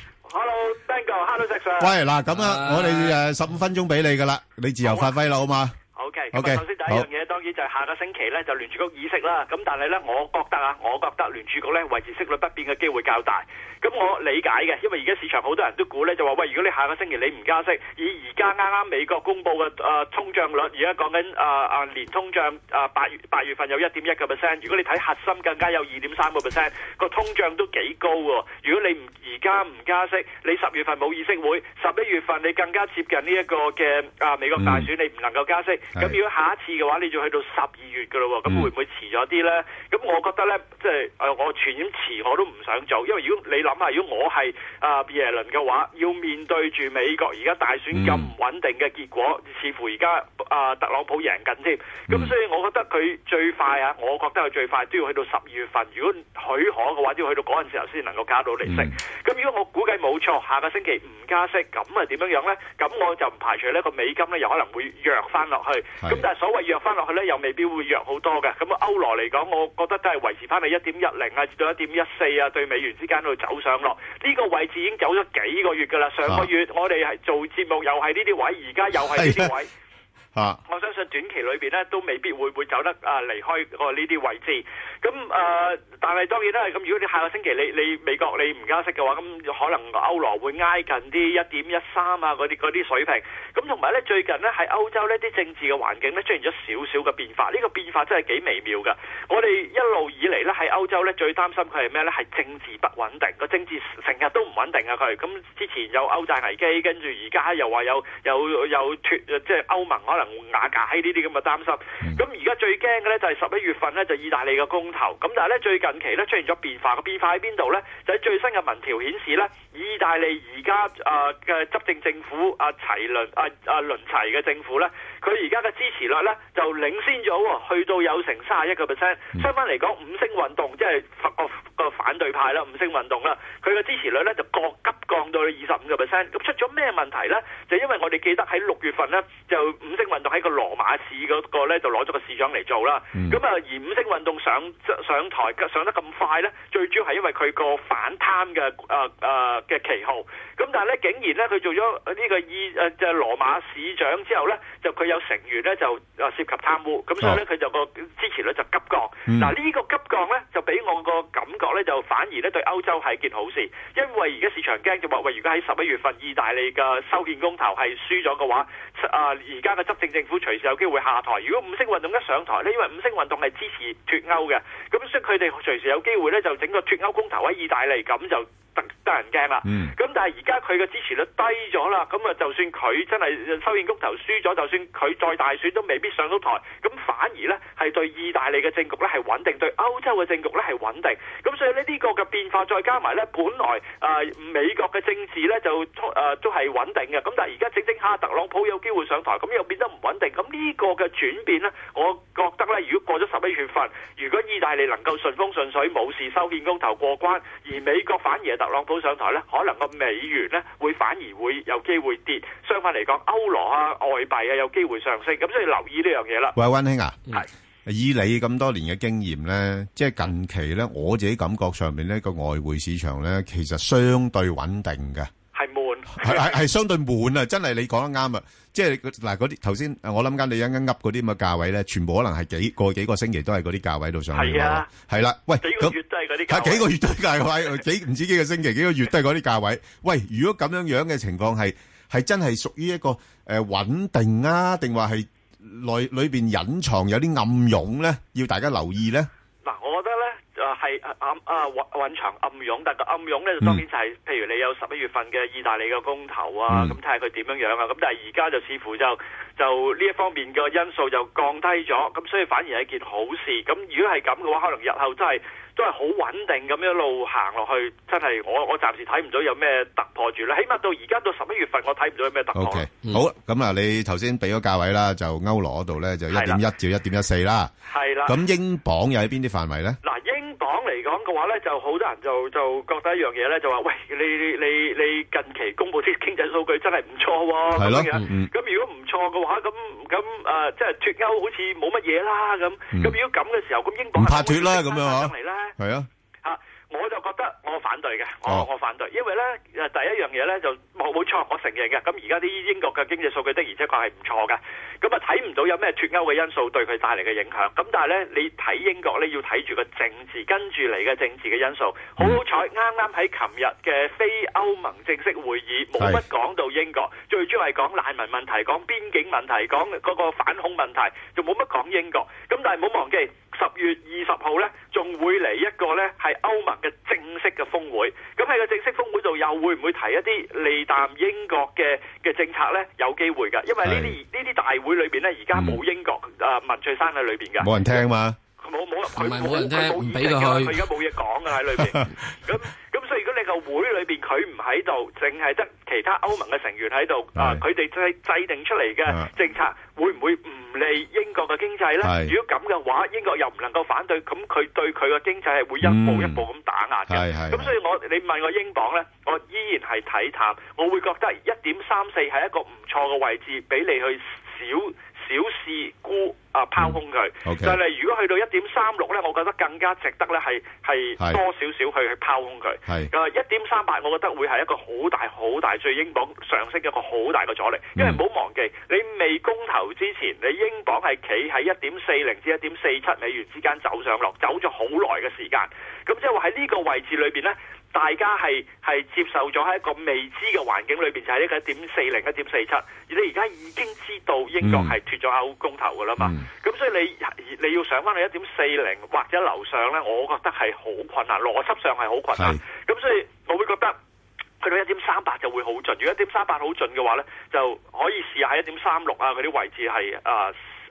喂，嗱咁啊，我哋誒十五分鐘俾你噶啦，你自由發揮啦，好嘛？ok 好嘅。首先第一樣嘢，當然就係下個星期咧就聯儲局議息啦。咁但係咧，我覺得啊，我覺得聯儲局咧維持息率不變嘅機會較大。咁我理解嘅，因為而家市場好多人都估呢，就話喂，如果你下個星期你唔加息，以而家啱啱美國公佈嘅啊通脹率，而家講緊啊啊年通脹啊八、呃、月八月份有一點一個 percent，如果你睇核心更加有二點三個 percent，個通脹都幾高喎。如果你唔而家唔加息，你十月份冇議息會，十一月份你更加接近呢一個嘅啊、呃、美國大選，你唔能夠加息。咁、嗯、如果下一次嘅話，你要去到十二月嘅咯，咁會唔會遲咗啲呢？咁、嗯、我覺得呢，即、呃、係我全點遲我都唔想做，因為如果你咁啊！如果我係啊、呃，耶倫嘅話，要面對住美國而家大選咁唔穩定嘅結果，嗯、似乎而家啊，特朗普贏緊添。咁、嗯、所以我、嗯，我覺得佢最快啊，我覺得佢最快都要去到十二月份。如果許可嘅話，都要去到嗰陣時候先能夠加到利息。咁、嗯、如果我估計冇錯，下個星期唔加息，咁啊點樣樣呢？咁我就唔排除呢個美金呢又可能會弱翻落去。咁但係所謂弱翻落去呢，又未必會弱好多嘅。咁啊，歐羅嚟講，我覺得都係維持翻喺一點一零啊，至到一點一四啊，對美元之間度走。上落呢個位置已經走咗幾個月㗎啦，上個月我哋係做節目又係呢啲位，而家又係呢啲位。 啊！我相信短期裏邊咧都未必會會走得啊離開個呢啲位置。咁誒、呃，但係當然啦。咁如果你下個星期你你美國你唔加息嘅話，咁可能歐羅會挨近啲一點一三啊嗰啲啲水平。咁同埋咧，最近咧喺歐洲呢啲政治嘅環境咧出現咗少少嘅變化。呢、呢個變化真係幾微妙嘅。我哋一路以嚟咧喺歐洲咧最擔心佢係咩咧？係政治不穩定，個政治成日都唔穩定啊佢。咁之前有歐債危機，跟住而家又話有有有脱，即係歐盟可能能瓦解呢啲咁嘅擔心，咁而家最驚嘅呢就係十一月份呢，就意大利嘅公投，咁但係呢，最近期呢出現咗變化，個變化喺邊度呢？就喺最新嘅民調顯示呢意大利而家啊嘅執政政府阿、呃、齊倫阿啊、呃、倫齊嘅政府呢，佢而家嘅支持率呢就領先咗，去到有成三十一個 percent，相反嚟講，五星運動即係法國。哦個反對派啦，五星運動啦，佢個支持率咧就急急降到去二十五個 percent。咁出咗咩問題咧？就因為我哋記得喺六月份咧，就五星運動喺個羅馬市嗰個咧就攞咗個市長嚟做啦。咁啊，而五星運動上上台上得咁快咧，最主要係因為佢個反貪嘅啊啊嘅旗號。咁但係咧，竟然咧佢做咗呢個意誒就係羅馬市長之後咧，就佢有成員咧就啊涉及貪污，咁所以咧佢就個支持率就急降。嗱呢個急降咧就俾我個感覺。咧就反而咧對歐洲係件好事，因為而家市場驚就話喂，如果喺十一月份意大利嘅修憲公投係輸咗嘅話，啊而家嘅執政政府隨時有機會下台。如果五星運動一上台咧，因為五星運動係支持脱歐嘅，咁所以佢哋隨時有機會咧就整個脱歐公投喺意大利，咁就得得人驚啦。咁、嗯、但係而家佢嘅支持率低咗啦，咁啊就算佢真係修憲公投輸咗，就算佢再大選都未必上到台，咁反而咧係對意大利嘅政局咧係穩定，對歐洲嘅政局咧係穩定，咁。所以呢個個嘅變化，再加埋咧，本來誒、呃、美國嘅政治咧就誒、呃、都係穩定嘅。咁但係而家整整下特朗普有機會上台，咁又變得唔穩定。咁呢個嘅轉變咧，我覺得咧，如果過咗十一月份，如果意大利能夠順風順水冇事修憲公投過關，而美國反而係特朗普上台咧，可能個美元咧會反而會有機會跌。相反嚟講，歐羅啊、外幣啊有機會上升。咁所以留意呢樣嘢啦。喂，溫馨啊，係。以你咁多年嘅經驗咧，即係近期咧，我自己感覺上面咧個外匯市場咧，其實相對穩定㗎。係悶，係係係相對悶啊！真係你講得啱啊！即係嗱嗰啲頭先，我諗緊你一陣噏嗰啲咁嘅價位咧，全部可能係幾個幾個星期都係嗰啲價位度上嚟。係啊，係啦，喂，幾個月都係嗰啲價，幾個月都係價位，幾唔止幾個星期，幾個月都係嗰啲價位。喂，如果咁樣樣嘅情況係係真係屬於一個誒穩定啊，定話係？內裏邊隱藏有啲暗湧咧，要大家留意咧。嗱，我覺得咧，就係啊，啊，蘊藏暗湧，但係個暗涌咧就當然就係，嗯、譬如你有十一月份嘅意大利嘅公投啊，咁睇下佢點樣樣啊。咁但係而家就似乎就。就呢一方面嘅因素就降低咗，咁所以反而係一件好事。咁如果係咁嘅話，可能日後真係都係好穩定咁一路行落去，真係我我暫時睇唔到有咩突破住啦。起碼到而家到十一月份，我睇唔到有咩突破。Okay. 嗯。好咁啊，你頭先俾咗價位啦，就歐羅嗰度咧就一點一至一點一四啦。係啦。咁英鎊又喺邊啲範圍咧？嗱，英鎊嚟講嘅話咧，就好多人就就覺得一樣嘢咧，就話：喂，你你你，你近期公布啲經濟數據真係唔錯喎。係咯。咁、嗯、如果唔錯嘅話。啊咁咁誒，即係脫鈎好似冇乜嘢啦咁。咁、嗯、如果咁嘅時候，咁英國唔怕脫啦咁樣嗬。係啊。我就覺得我反對嘅，我我反對，oh. 因為呢第一樣嘢呢就冇錯，我承認嘅。咁而家啲英國嘅經濟數據的而且確係唔錯嘅，咁啊睇唔到有咩脫歐嘅因素對佢帶嚟嘅影響。咁但係呢，你睇英國呢，要睇住個政治跟住嚟嘅政治嘅因素。好、mm. 彩，啱啱喺琴日嘅非歐盟正式會議冇乜講到英國，yes. 最主要係講難民問題、講邊境問題、講嗰個反恐問題，就冇乜講英國。咁但係冇忘記。十月二十號呢，仲會嚟一個呢，係歐盟嘅正式嘅峯會。咁喺個正式峯會度，又會唔會提一啲利淡英國嘅嘅政策呢？有機會㗎，因為呢啲呢啲大會裏邊呢，而家冇英國啊文翠珊喺裏邊㗎。冇人聽嘛？冇冇，佢冇人聽，唔俾佢去。佢而家冇嘢講㗎喺裏邊。即如果你個會裏邊佢唔喺度，淨係得其他歐盟嘅成員喺度，啊，佢、呃、哋制制定出嚟嘅政策會唔會唔利英國嘅經濟呢？如果咁嘅話，英國又唔能夠反對，咁佢對佢嘅經濟係會一步一步咁打壓嘅。咁、嗯、所以我你問我英鎊呢，我依然係睇淡，我會覺得一點三四係一個唔錯嘅位置俾你去少。小試沽啊，拋空佢。但、okay. 係如果去到一點三六咧，我覺得更加值得咧，係係多少少去去拋空佢。個一點三八，uh, 我覺得會係一個好大好大對英鎊上升一個好大嘅阻力。因為唔好忘記，你未公投之前，你英鎊係企喺一點四零至一點四七美元之間走上落，走咗好耐嘅時間。咁即係話喺呢個位置裏邊呢，大家係係接受咗喺一個未知嘅環境裏邊，就係一個一點四零、一點四七。而你而家已經知道英國係脫咗歐公投噶啦嘛，咁、嗯、所以你你要上翻去一點四零或者樓上呢，我覺得係好困難，邏輯上係好困難。咁所以我會覺得去到一點三八就會好盡，如果一點三八好盡嘅話呢，就可以試下一點三六啊佢啲位置係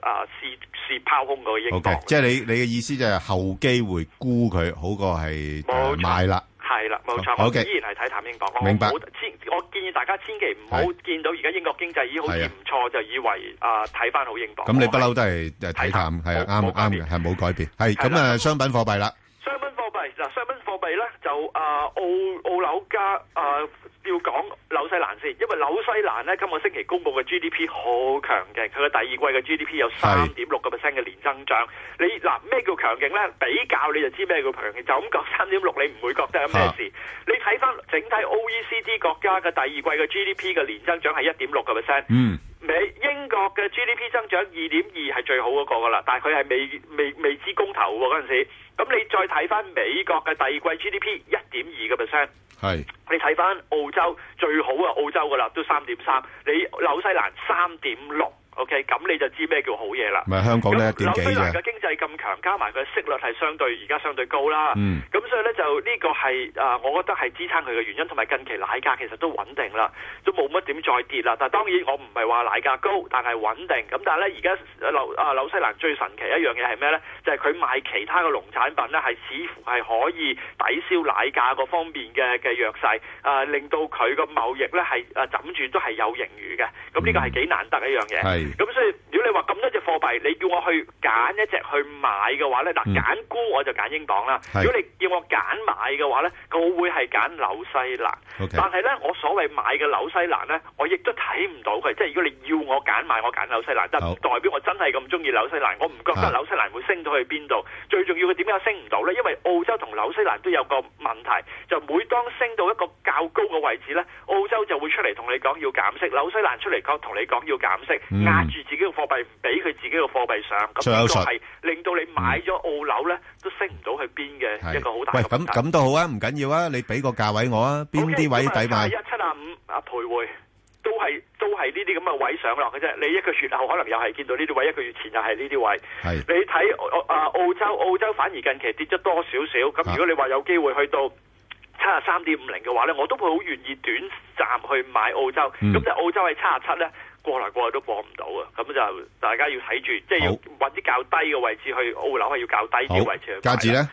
啊，試試拋空嗰個英鎊，okay, 即係你你嘅意思就係後機會估佢好過係買啦，係啦，冇錯，錯 okay, 依然係睇淡英鎊。Okay, 我明白我。我建議大家千祈唔好見到而家英國經濟已經好似唔錯，啊，就以為啊睇翻好英鎊。咁你不嬲都係睇淡，係啊啱啱嘅，係冇改變。係咁啊，啊，啊，商品貨幣啦，商品貨幣嗱，商品貨幣咧就啊、呃、澳澳樓價啊。呃要講紐西蘭先，因為紐西蘭咧今個星期公布嘅 GDP 好強勁，佢嘅第二季嘅 GDP 有三點六個 percent 嘅年增長。你嗱咩叫強勁咧？比較你就知咩叫強勁，就咁講三點六你唔會覺得有咩事。你睇翻整體 OECD 國家嘅第二季嘅 GDP 嘅年增長係一點六個 percent。嗯美英國嘅 GDP 增長二點二係最好嗰個噶啦，但係佢係未未未知公投喎嗰陣時。咁你再睇翻美國嘅第二季 GDP 一點二個 percent，係你睇翻澳洲最好啊澳洲噶啦，都三點三，你紐西蘭三點六。O K，咁你就知咩叫好嘢啦。咪香港咧，點幾紐西蘭嘅經濟咁強，加埋佢息率係相對而家相對高啦。咁、嗯、所以呢，就呢個係啊，我覺得係支撐佢嘅原因，同埋近期奶價其實都穩定啦，都冇乜點再跌啦。但係當然我唔係話奶價高，但係穩定。咁但係呢，而家紐啊紐西蘭最神奇一樣嘢係咩呢？就係佢賣其他嘅農產品呢，係似乎係可以抵消奶價嗰方面嘅嘅弱勢，啊令到佢個貿易呢係啊枕轉都係有盈餘嘅。咁呢個係幾難得一樣嘢。嗯咁、嗯、所以如果你話咁多隻貨幣，你叫我去揀一隻去買嘅話咧，嗱揀沽我就揀英鎊啦。如果你叫我揀買嘅話咧，佢會係揀紐西蘭。但係咧，我所謂買嘅紐西蘭咧，我亦都睇唔到佢。即係如果你要我揀買、okay. 買，買，我揀紐西蘭，但唔代表我真係咁中意紐西蘭，我唔覺得紐、啊、西蘭會升到去邊度。最重要嘅點解升唔到咧？因為澳洲同紐西蘭都有個問題，就每當升到一個較高嘅位置咧，澳洲就會出嚟同你講要減息，紐西蘭出嚟講同你講要減息。嗯揸、嗯、住自己嘅貨幣唔俾佢自己嘅貨幣上，咁呢個係令到你買咗澳樓咧、嗯、都升唔到去邊嘅一個好大嘅。喂，咁咁都好啊，唔緊要啊，你俾個價位我啊，邊啲位抵買賣？一、嗯嗯嗯嗯嗯嗯、七啊五啊徘徊，都係都係呢啲咁嘅位上落嘅啫。你一個月後可能又係見到呢啲位，一個月前又係呢啲位。你睇澳啊、嗯、澳洲澳洲反而近期跌咗多少少。咁如果你話有機會去到七啊三點五零嘅話咧，我都會好願意短暫去買澳洲。咁就澳洲係七啊七咧。嗯過嚟過嚟都過唔到啊！咁就大家要睇住，即係要搵啲較低嘅位置去澳樓，係要較低啲嘅位置去。置去加紙呢？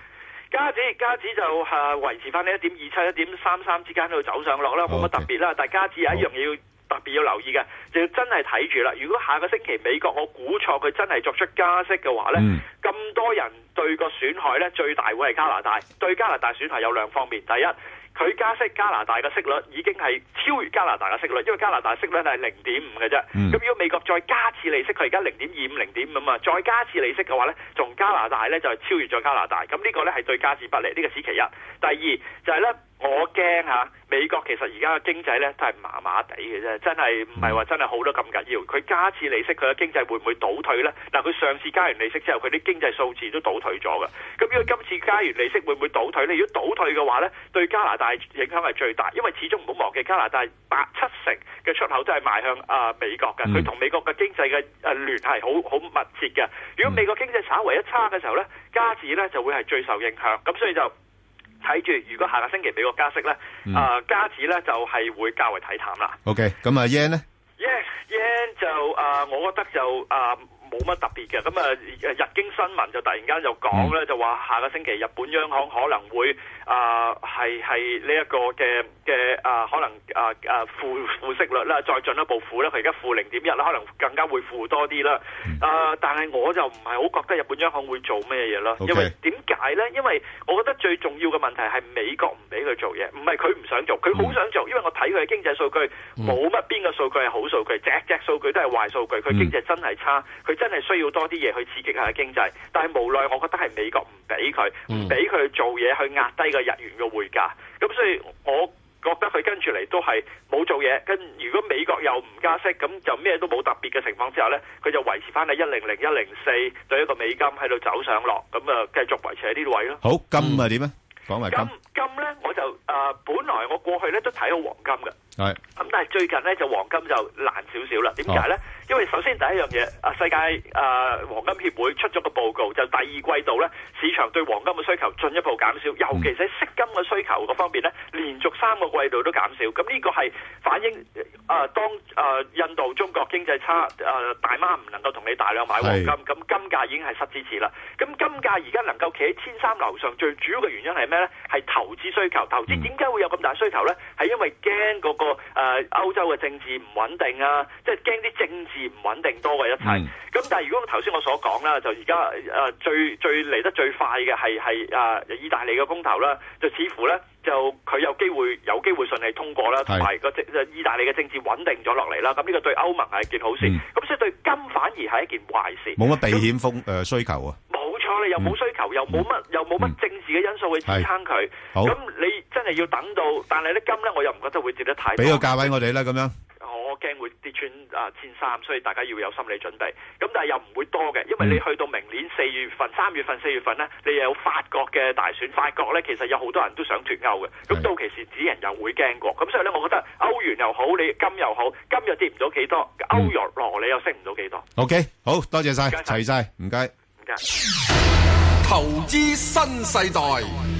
加紙加紙就吓維、啊、持翻呢一點二七、一點三三之間喺度走上落啦，冇乜特別啦。Okay. 但加紙有一樣嘢要，要特別要留意嘅，就要真係睇住啦。如果下個星期美國我估錯佢真係作出加息嘅話呢，咁、嗯、多人對個損害呢，最大會係加拿大。對加拿大損害有兩方面，第一。佢加息加拿大嘅息率已經係超越加拿大嘅息率，因為加拿大息率係零點五嘅啫。咁如果美國再加次利息，佢而家零點二五零點五啊嘛，再加次利息嘅話呢，從加拿大呢就係超越咗加拿大。咁呢個呢係對加治不利，呢、這個此其一。第二就係、是、呢。我驚吓、啊、美國其實而家嘅經濟咧都係麻麻地嘅啫，真係唔係話真係好得咁緊要。佢加次利息，佢嘅經濟會唔會倒退呢？嗱，佢上次加完利息之後，佢啲經濟數字都倒退咗㗎。咁如果今次加完利息會唔會倒退呢？如果倒退嘅話呢，對加拿大影響係最大，因為始終唔好忘記加拿大八七成嘅出口都係賣向啊美國嘅，佢、嗯、同美國嘅經濟嘅聯繫好好密切嘅。如果美國經濟稍為一差嘅時候次呢，加字呢就會係最受影響，咁所以就。睇住，如果下個星期美國加息咧，啊、嗯呃，加紙咧就係、是、會較為睇淡啦。OK，咁啊，yen 咧、yes,，yen，yen 就啊、呃，我覺得就啊。呃冇乜特別嘅，咁啊日經新聞就突然間就講咧、嗯，就話下個星期日本央行可能會啊係係呢一個嘅嘅啊可能啊啊負負息率啦，再進一步負咧，佢而家負零點一啦，可能更加會負多啲啦。啊、呃，但係我就唔係好覺得日本央行會做咩嘢咯，okay. 因為點解咧？因為我覺得最重要嘅問題係美國唔俾佢做嘢，唔係佢唔想做，佢好想做，嗯，因為我睇佢嘅經濟數據冇乜邊個數據係好數據，隻隻數據都係壞數據，佢經濟真係差，佢。真係需要多啲嘢去刺激下經濟，但係無奈，我覺得係美國唔俾佢，唔俾佢做嘢去壓低個日元嘅匯價。咁所以，我覺得佢跟住嚟都係冇做嘢。跟如果美國又唔加息，咁就咩都冇特別嘅情況之下呢，佢就維持翻喺一零零一零四對一個美金喺度走上落，咁啊繼續維持喺呢個位咯。好，金咪點呀？講埋金金，金呢，我就、呃、本來我過去呢都睇好黃金嘅，係咁，但係最近呢，就黃金就難少少啦。點解呢？哦因為首先第一樣嘢，啊世界啊、呃、黃金協會出咗個報告，就第二季度咧，市場對黃金嘅需求進一步減少，尤其喺飾金嘅需求嗰方面咧，連續三個季度都減少。咁呢個係反映啊、呃、當啊、呃、印度中國經濟差，啊、呃、大媽唔能夠同你大量買黃金，咁金價已經係失之持啦。咁金價而家能夠企喺千三樓上，最主要嘅原因係咩咧？係投資需求。投資點解會有咁大需求咧？係因為驚嗰、嗰個啊、呃、歐洲嘅政治唔穩定啊，即係驚啲政治。唔穩定多過一切，咁、嗯、但係如果頭先我所講啦，就而家、呃、最最嚟得最快嘅係係誒意大利嘅公投啦，就似乎咧就佢有機會有機會順利通過啦，同埋個意大利嘅政治穩定咗落嚟啦，咁呢個對歐盟係件好事，咁、嗯、所以對金反而係一件壞事。冇乜避險風、呃、需求啊！冇錯，你又冇需求，又冇乜、嗯，又冇乜政治嘅因素去支撐佢。好，咁你真係要等到，但係咧金咧，我又唔覺得會跌得太。俾個價位我哋啦，咁樣。我驚會跌穿啊千三，所以大家要有心理準備。咁但係又唔會多嘅，因為你去到明年四月份、三月份、四月份呢，你有法國嘅大選，法國呢其實有好多人都想脱歐嘅。咁到期時，指人又會驚過。咁所以呢，我覺得歐元又好，你金又好，今日跌唔到幾多，歐若羅你又升唔到幾多。OK，好多謝晒，齊晒，唔該，唔該。投資新世代。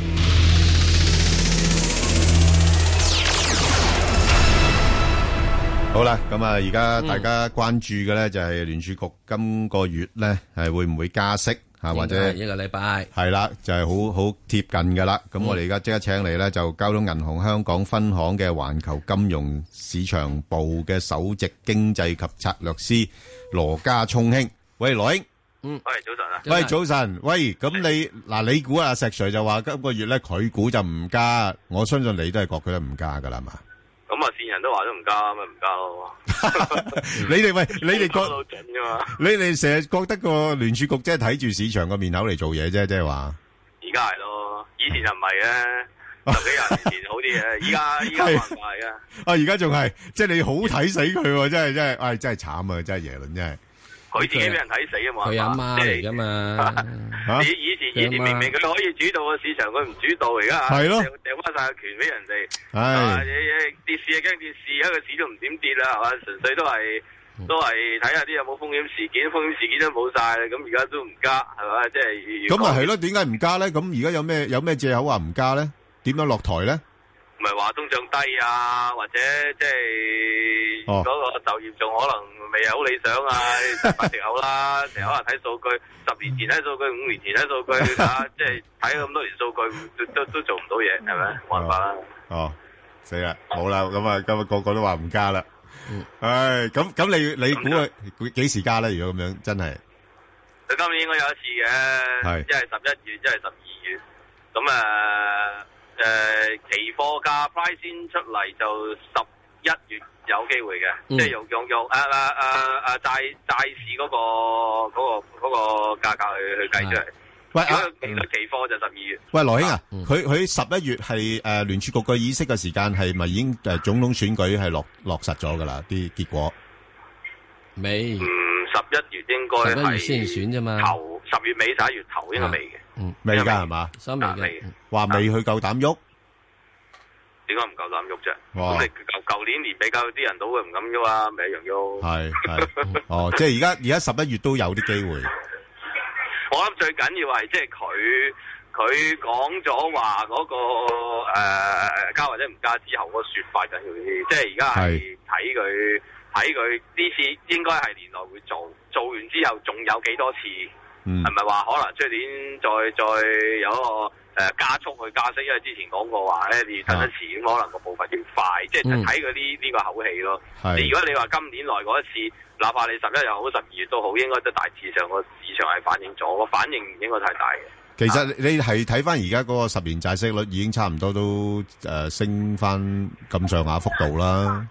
好啦，咁啊，而家大家關注嘅咧就係聯儲局今個月咧係會唔會加息啊？或者一個禮拜係啦，就係好好貼近噶啦。咁我哋而家即刻請嚟咧就交通銀行香港分行嘅環球金融市場部嘅首席經濟及策略師羅家聰兄，喂羅兄，嗯，喂早晨啊，喂早晨，喂，咁你嗱你估啊石 Sir 就話今個月咧佢估就唔加，我相信你都係覺佢都唔加噶啦嘛。咁啊！線人都話都唔加，咪唔加咯。 你哋喂，你哋覺得？ 你哋成日覺得個聯儲局即係睇住市場個面口嚟做嘢啫，即係話。而家係咯，以前就唔係咧， 十幾廿年前好啲嘅。而家依家環唔係啊。啊！而家仲係， 即係你好睇死佢，啊，真係真係，唉，真係，哎，慘啊！真係耶倫真係。佢自己俾人睇死啊嘛，佢阿媽嚟噶嘛，嚇！ 以前媽媽以前明明佢可以主導個市場，佢唔主導而家係咯，掉掉翻曬個權俾人哋，係啊！跌市啊，驚跌市，而家個市都唔點跌啦，係嘛？純粹都係都係睇下啲有冇風險事件，風險事件都冇晒啦，咁而家都唔加，係咪？即係咁啊，係咯？點解唔加咧？咁而家有咩有咩藉口話唔加咧？點樣落台咧？唔係話通脹仲低啊，或者即係嗰個就業仲可能未有理想啊，八隻口啦，成 日可能睇數據，十年前睇數據，五年前睇數據啊，即係睇咁多年數據，都都做唔到嘢，係咪？冇辦法啦。哦，死啦！好、哦、啦，咁啊， 今日個個都話唔加啦。唉、嗯，咁、哎、咁你你估佢估幾時加咧？如果咁樣真係。佢今年應該有一次嘅，即係十一月，即係十二月。咁啊。呃誒、呃，期貨價 price 先出嚟就十一月有機會嘅、嗯，即係用用用誒誒誒債債市嗰、那個嗰、那個嗰、那個價格去去計出嚟。喂，因為期貨就十二月。喂，羅、啊、兄啊，佢佢十一月係誒聯儲局嘅議息嘅時間係咪已經誒總統選舉係落落實咗噶啦？啲結果未？十、嗯、一月應該係十月先選啫嘛。頭十月尾十一月頭應該未嘅。未噶係嘛，三年未，話未，啊未夠膽啊啊，夠膽去夠膽喐，點解唔夠膽喐啫？即係你舊舊年年比較啲人都會唔敢噶嘛，未用喐。係哦，即係而家而家十一月都有啲機會。啊，我諗最緊要係即係佢佢講咗話嗰個誒、呃、加或者唔加之後嗰個說法緊要啲，即係而家係睇佢睇佢呢次應該係年內會做，做完之後仲有幾多次。係咪話可能今年再再有一個誒、呃、加速去加息？因為之前講過話咧，你越等得遲，可能個步伐越快，嗯、即係睇佢呢呢個口氣咯。如果你話今年來嗰一次，哪怕你十一又好，十二月都好，應該都大致上個市場係反映咗，個反應唔應該太大嘅。其實你係睇翻而家嗰個十年債息率已經差唔多都誒、呃、升翻咁上下幅度啦，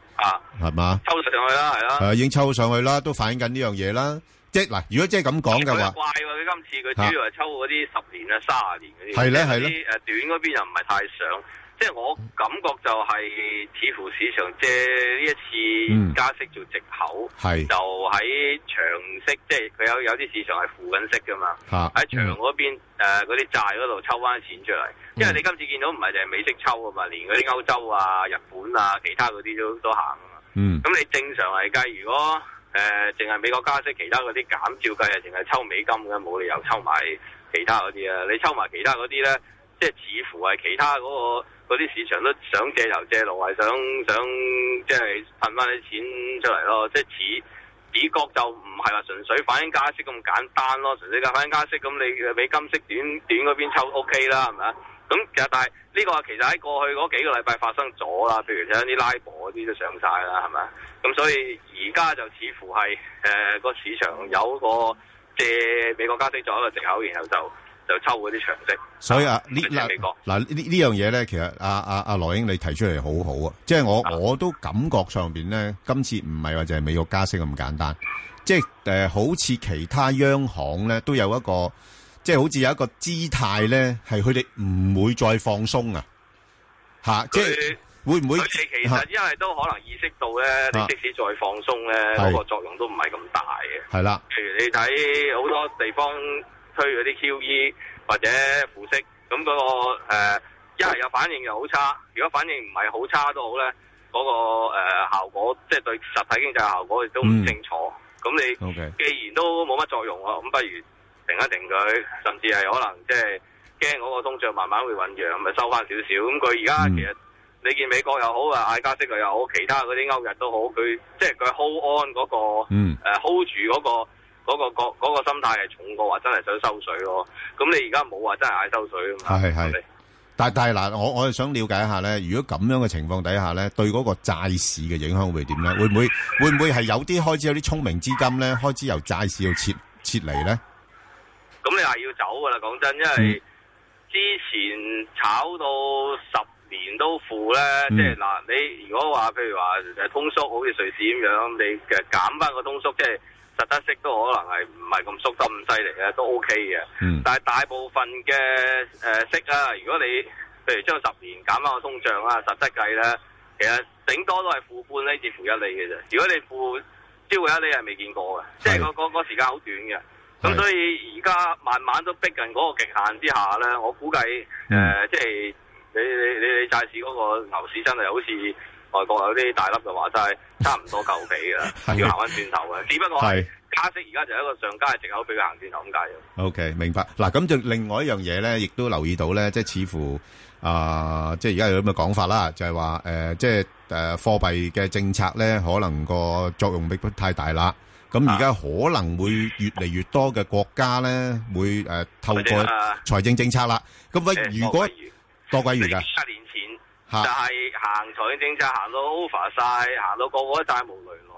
係、啊、嘛？抽上去啦，係啦。係、啊、已經抽上去啦，都反映緊呢樣嘢啦。即嗱，如果即係咁講嘅話，怪喎。佢今次佢主要係抽嗰啲十年啊、卅年嗰啲，即係啲短嗰邊又唔係太上。即、就、係、是、我感覺就係似乎市場借呢一次加息做藉口，嗯、就喺長息，即係佢有有啲市場係負緊息㗎嘛。喺長嗰邊嗰啲、嗯呃、債嗰度抽翻錢出嚟、嗯，因為你今次見到唔係淨係美息抽啊嘛，連嗰啲歐洲啊、日本啊其他嗰啲都都行啊嘛。咁、嗯、你正常嚟計，如果誒、呃，淨係美國加息，其他嗰啲減照計啊，淨係抽美金嘅，冇理由抽埋其他嗰啲啊！你抽埋其他嗰啲咧，即係似乎係其他嗰、嗰個嗰啲市場都想借頭借路，係想想即係噴翻啲錢出嚟咯。即係似，主角就唔係話純粹反映加息咁簡單咯。純粹反映加息咁，息那你美金息短短嗰邊抽 OK 啦，係咪啊？咁其實但係呢、呢個其實喺過去嗰幾個禮拜發生咗啦。譬如睇啲 LIBOR 嗰啲都上晒啦，係咪啊？咁所以。家就似乎係誒個市場有個借美國加息作一個藉口，然後就就抽嗰啲長息。所以啊，這美國啊這這這呢嗱嗱呢呢樣嘢咧，其實阿阿阿羅英你提出嚟好好啊，即係我、啊、我都感覺上邊咧，今次唔係話就係美國加息咁簡單，即係誒、呃、好似其他央行咧都有一個，即係好似有一個姿態咧，係佢哋唔會再放鬆啊嚇、啊，即係。會唔會佢其實因為都可能意識到咧、啊，你即使再放鬆咧，嗰、啊那個作用都唔係咁大嘅。係啦，譬如你睇好多地方推嗰啲 QE 或者負息，咁嗰、那個一係有反應又好差，如果反應唔係好差都好咧，嗰、那個、呃、效果即係、就是、對實體經濟嘅效果亦都唔清楚。咁、嗯、你既然都冇乜作用喎，咁不如停一停佢，甚至係可能即係驚嗰個通脹慢慢會醖釀，咪收翻少少。咁佢而家其實、嗯。你見美國又好啊，嗌加息又好，其他嗰啲歐日都好，佢即係佢 hold on 嗰、嗰個，誒、嗯啊、hold 住嗰、嗰個嗰、嗰個嗰、嗰個嗰個、心態係重過話真係想收水咯。咁你而家冇話真係嗌收水係係，但係但係嗱，我我係想了解一下咧，如果咁樣嘅情況底下咧，對嗰個債市嘅影響會點咧？會唔會會唔會係有啲開始有啲聰明資金咧開始由債市要撤撤離咧？咁你係要走噶啦，講真，因為之前炒到十年都負咧、嗯，即係嗱、啊，你如果話譬如話通縮好似瑞士咁樣，你其實減翻個通縮，即係實質息都可能係唔係咁縮得咁犀利嘅，都 OK 嘅、嗯。但係大部分嘅誒、呃、息啊，如果你譬如將十年減翻個通脹啊，實質計咧，其實頂多都係負半厘，至負一厘嘅啫。如果你負超過一厘係未見過嘅，即係個個時間好短嘅。咁所以而家慢慢都逼近嗰個極限之下咧，我估計誒、嗯呃、即係。你你你你債市嗰個牛市真係好似外國有啲大粒就話，真係差唔多夠皮㗎啦，要行翻轉頭嘅。只不過加息而家就一個上街，借口俾佢行轉頭咁解。O K，明白。嗱，咁就另外一樣嘢咧，亦都留意到咧，即係似乎啊，即係而家有咁嘅講法啦，就係話誒，即係誒貨幣嘅政策咧，可能個作用未必太大啦。咁而家可能會越嚟越多嘅國家咧，會誒透過財政政策啦。咁喂，如果多鬼遠噶，七年前就係、是、行財政政策行到 over 晒，行到個個都債、就是就是、務累累，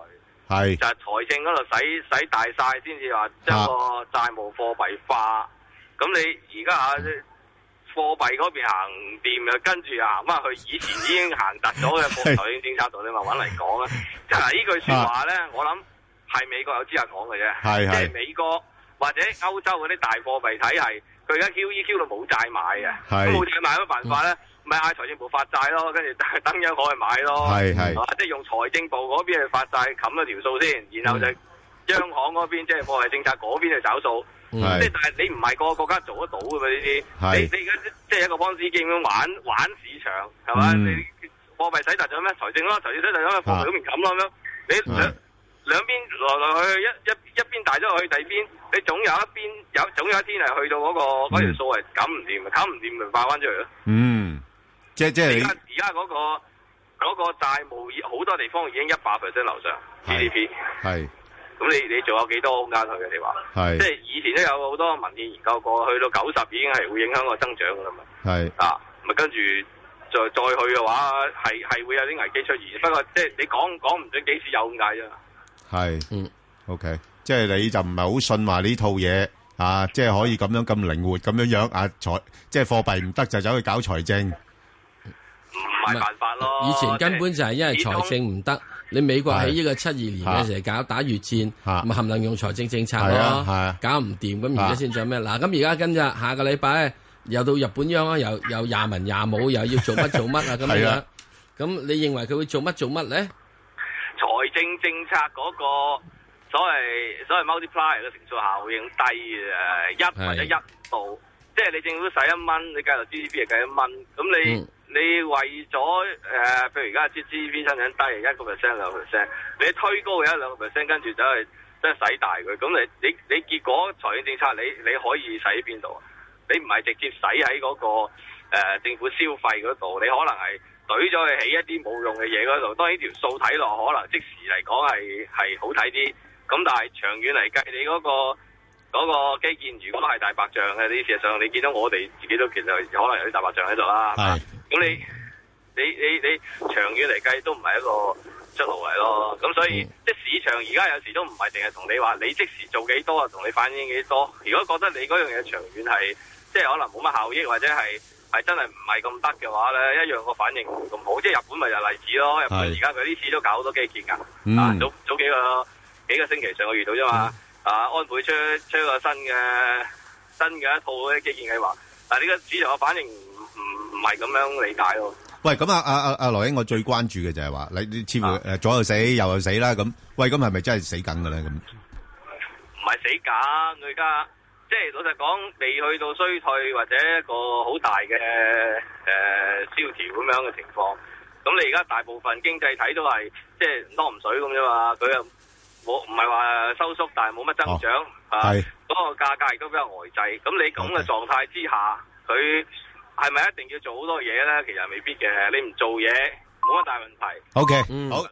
係就財政嗰度使使大晒，先至話將個債務貨幣化。咁你而家吓貨幣嗰邊行唔掂，又跟住啊，咁啊，佢以前已經行突咗嘅財政政策度， 你咪慢慢嚟講啊！即、就、係、是、呢句說話咧，我諗係美國有資格講嘅啫，即係、就是、美國或者歐洲嗰啲大貨幣體系。佢而家 QEQ 到冇債買啊，咁冇債買有乜辦法咧？咪、嗯、嗌財政部發債囉，跟住等央行去買囉。係係，即係、就是、用財政部嗰邊去發債冚咗條數先、嗯，然後就央行嗰邊即係、就是、貨幣政策嗰邊去找數，係、嗯、但係你唔係個個國家做得到㗎嘛呢啲，你你而家即係一個公司咁玩玩，玩市場係咪、嗯？你貨幣洗特咗咩？財政咯，財政洗特咗咩？財政唔敢咯咁樣，兩邊來來去去一一一邊大咗去，第二邊你總有一邊有總有一天係去到嗰、那個嗰條、嗯那個、數係減唔掂，減唔掂咪爆翻出嚟咯。嗯，即即係而家而家嗰個嗰、那個債、那個、務已好多地方已經一百 percent 樓上 GDP，係。咁 你你仲有幾多空間去嘅？你話係，即係以前都有好多文獻研究過，去到九十已經係會影響個增長噶啦嘛。係啊，跟住再再去嘅話，係係會有啲危機出現。不過即係你講講唔準幾時有咁解啊。係，嗯，OK，即係你就唔係好信話呢套嘢啊，即係可以咁樣咁靈活咁樣樣啊財，即係貨幣唔得就走去搞財政，唔係辦法咯。以前根本就係因為財政唔得，你美國喺呢個七二年嘅時候搞打越戰，冇冚唪唥用財政政策咯，搞唔掂咁而家先做咩？嗱，咁而家今日下個禮拜咧又到日本央行啦，又又廿文廿武又要做乜做乜啊咁樣，咁你認為佢會做乜做乜咧？財政政策嗰個所謂所謂 multiplier 嘅乘數效應低誒一或者一度，即係你政府使一蚊，你計到 GDP 係計一蚊，咁你、嗯、你為咗誒、呃，譬如而家 GDP 增長低一個 percent 兩個 percent，你推高嘅一兩個 percent，跟住走去真係使大佢，咁你你你結果財政政策你你可以使喺邊度啊？你唔係直接使喺嗰個、呃、政府消費嗰度，你可能係。懟咗去起一啲冇用嘅嘢嗰度，當然條數睇落可能即時嚟講係係好睇啲，咁但係長遠嚟計，你嗰個嗰個基建如果係大白象嘅，你事實上你見到我哋自己都其實，可能有啲大白象喺度啦。咁你你你你，你長遠嚟計都唔係一個出路嚟咯。咁所以即係市場而家有時都唔係淨係同你話，你即時做幾多啊，同你反映幾多。如果覺得你嗰樣嘢長遠係即係可能冇乜效益或者係。係真係唔係咁得嘅話咧，一樣個反應唔咁好。即係日本咪就例子咯，日本而家佢啲次都搞好多基建噶，啊早早幾個幾個星期上個月度啫嘛。啊，安倍出出個新嘅新嘅一套啲基建計劃，但係呢個市場個反應唔唔唔係咁樣理解咯。喂，咁啊啊啊阿羅英，我最關注嘅就係、是、話你似乎誒、啊、左又死右又死啦咁。喂，咁係咪真係死梗嘅咧？咁唔係死緊，佢而家。即係老實講，未去到衰退或者一個好大嘅誒蕭條咁樣嘅情況。咁你而家大部分經濟體都係即係唔多唔水咁啫嘛。佢又冇唔係話收縮，但係冇乜增長，哦、啊。嗰，那個價格亦都比較呆滯。咁你咁嘅狀態之下，佢係咪一定要做好多嘢咧？其實未必嘅。你唔做嘢冇乜大問題。O、okay. K，嗯、好。好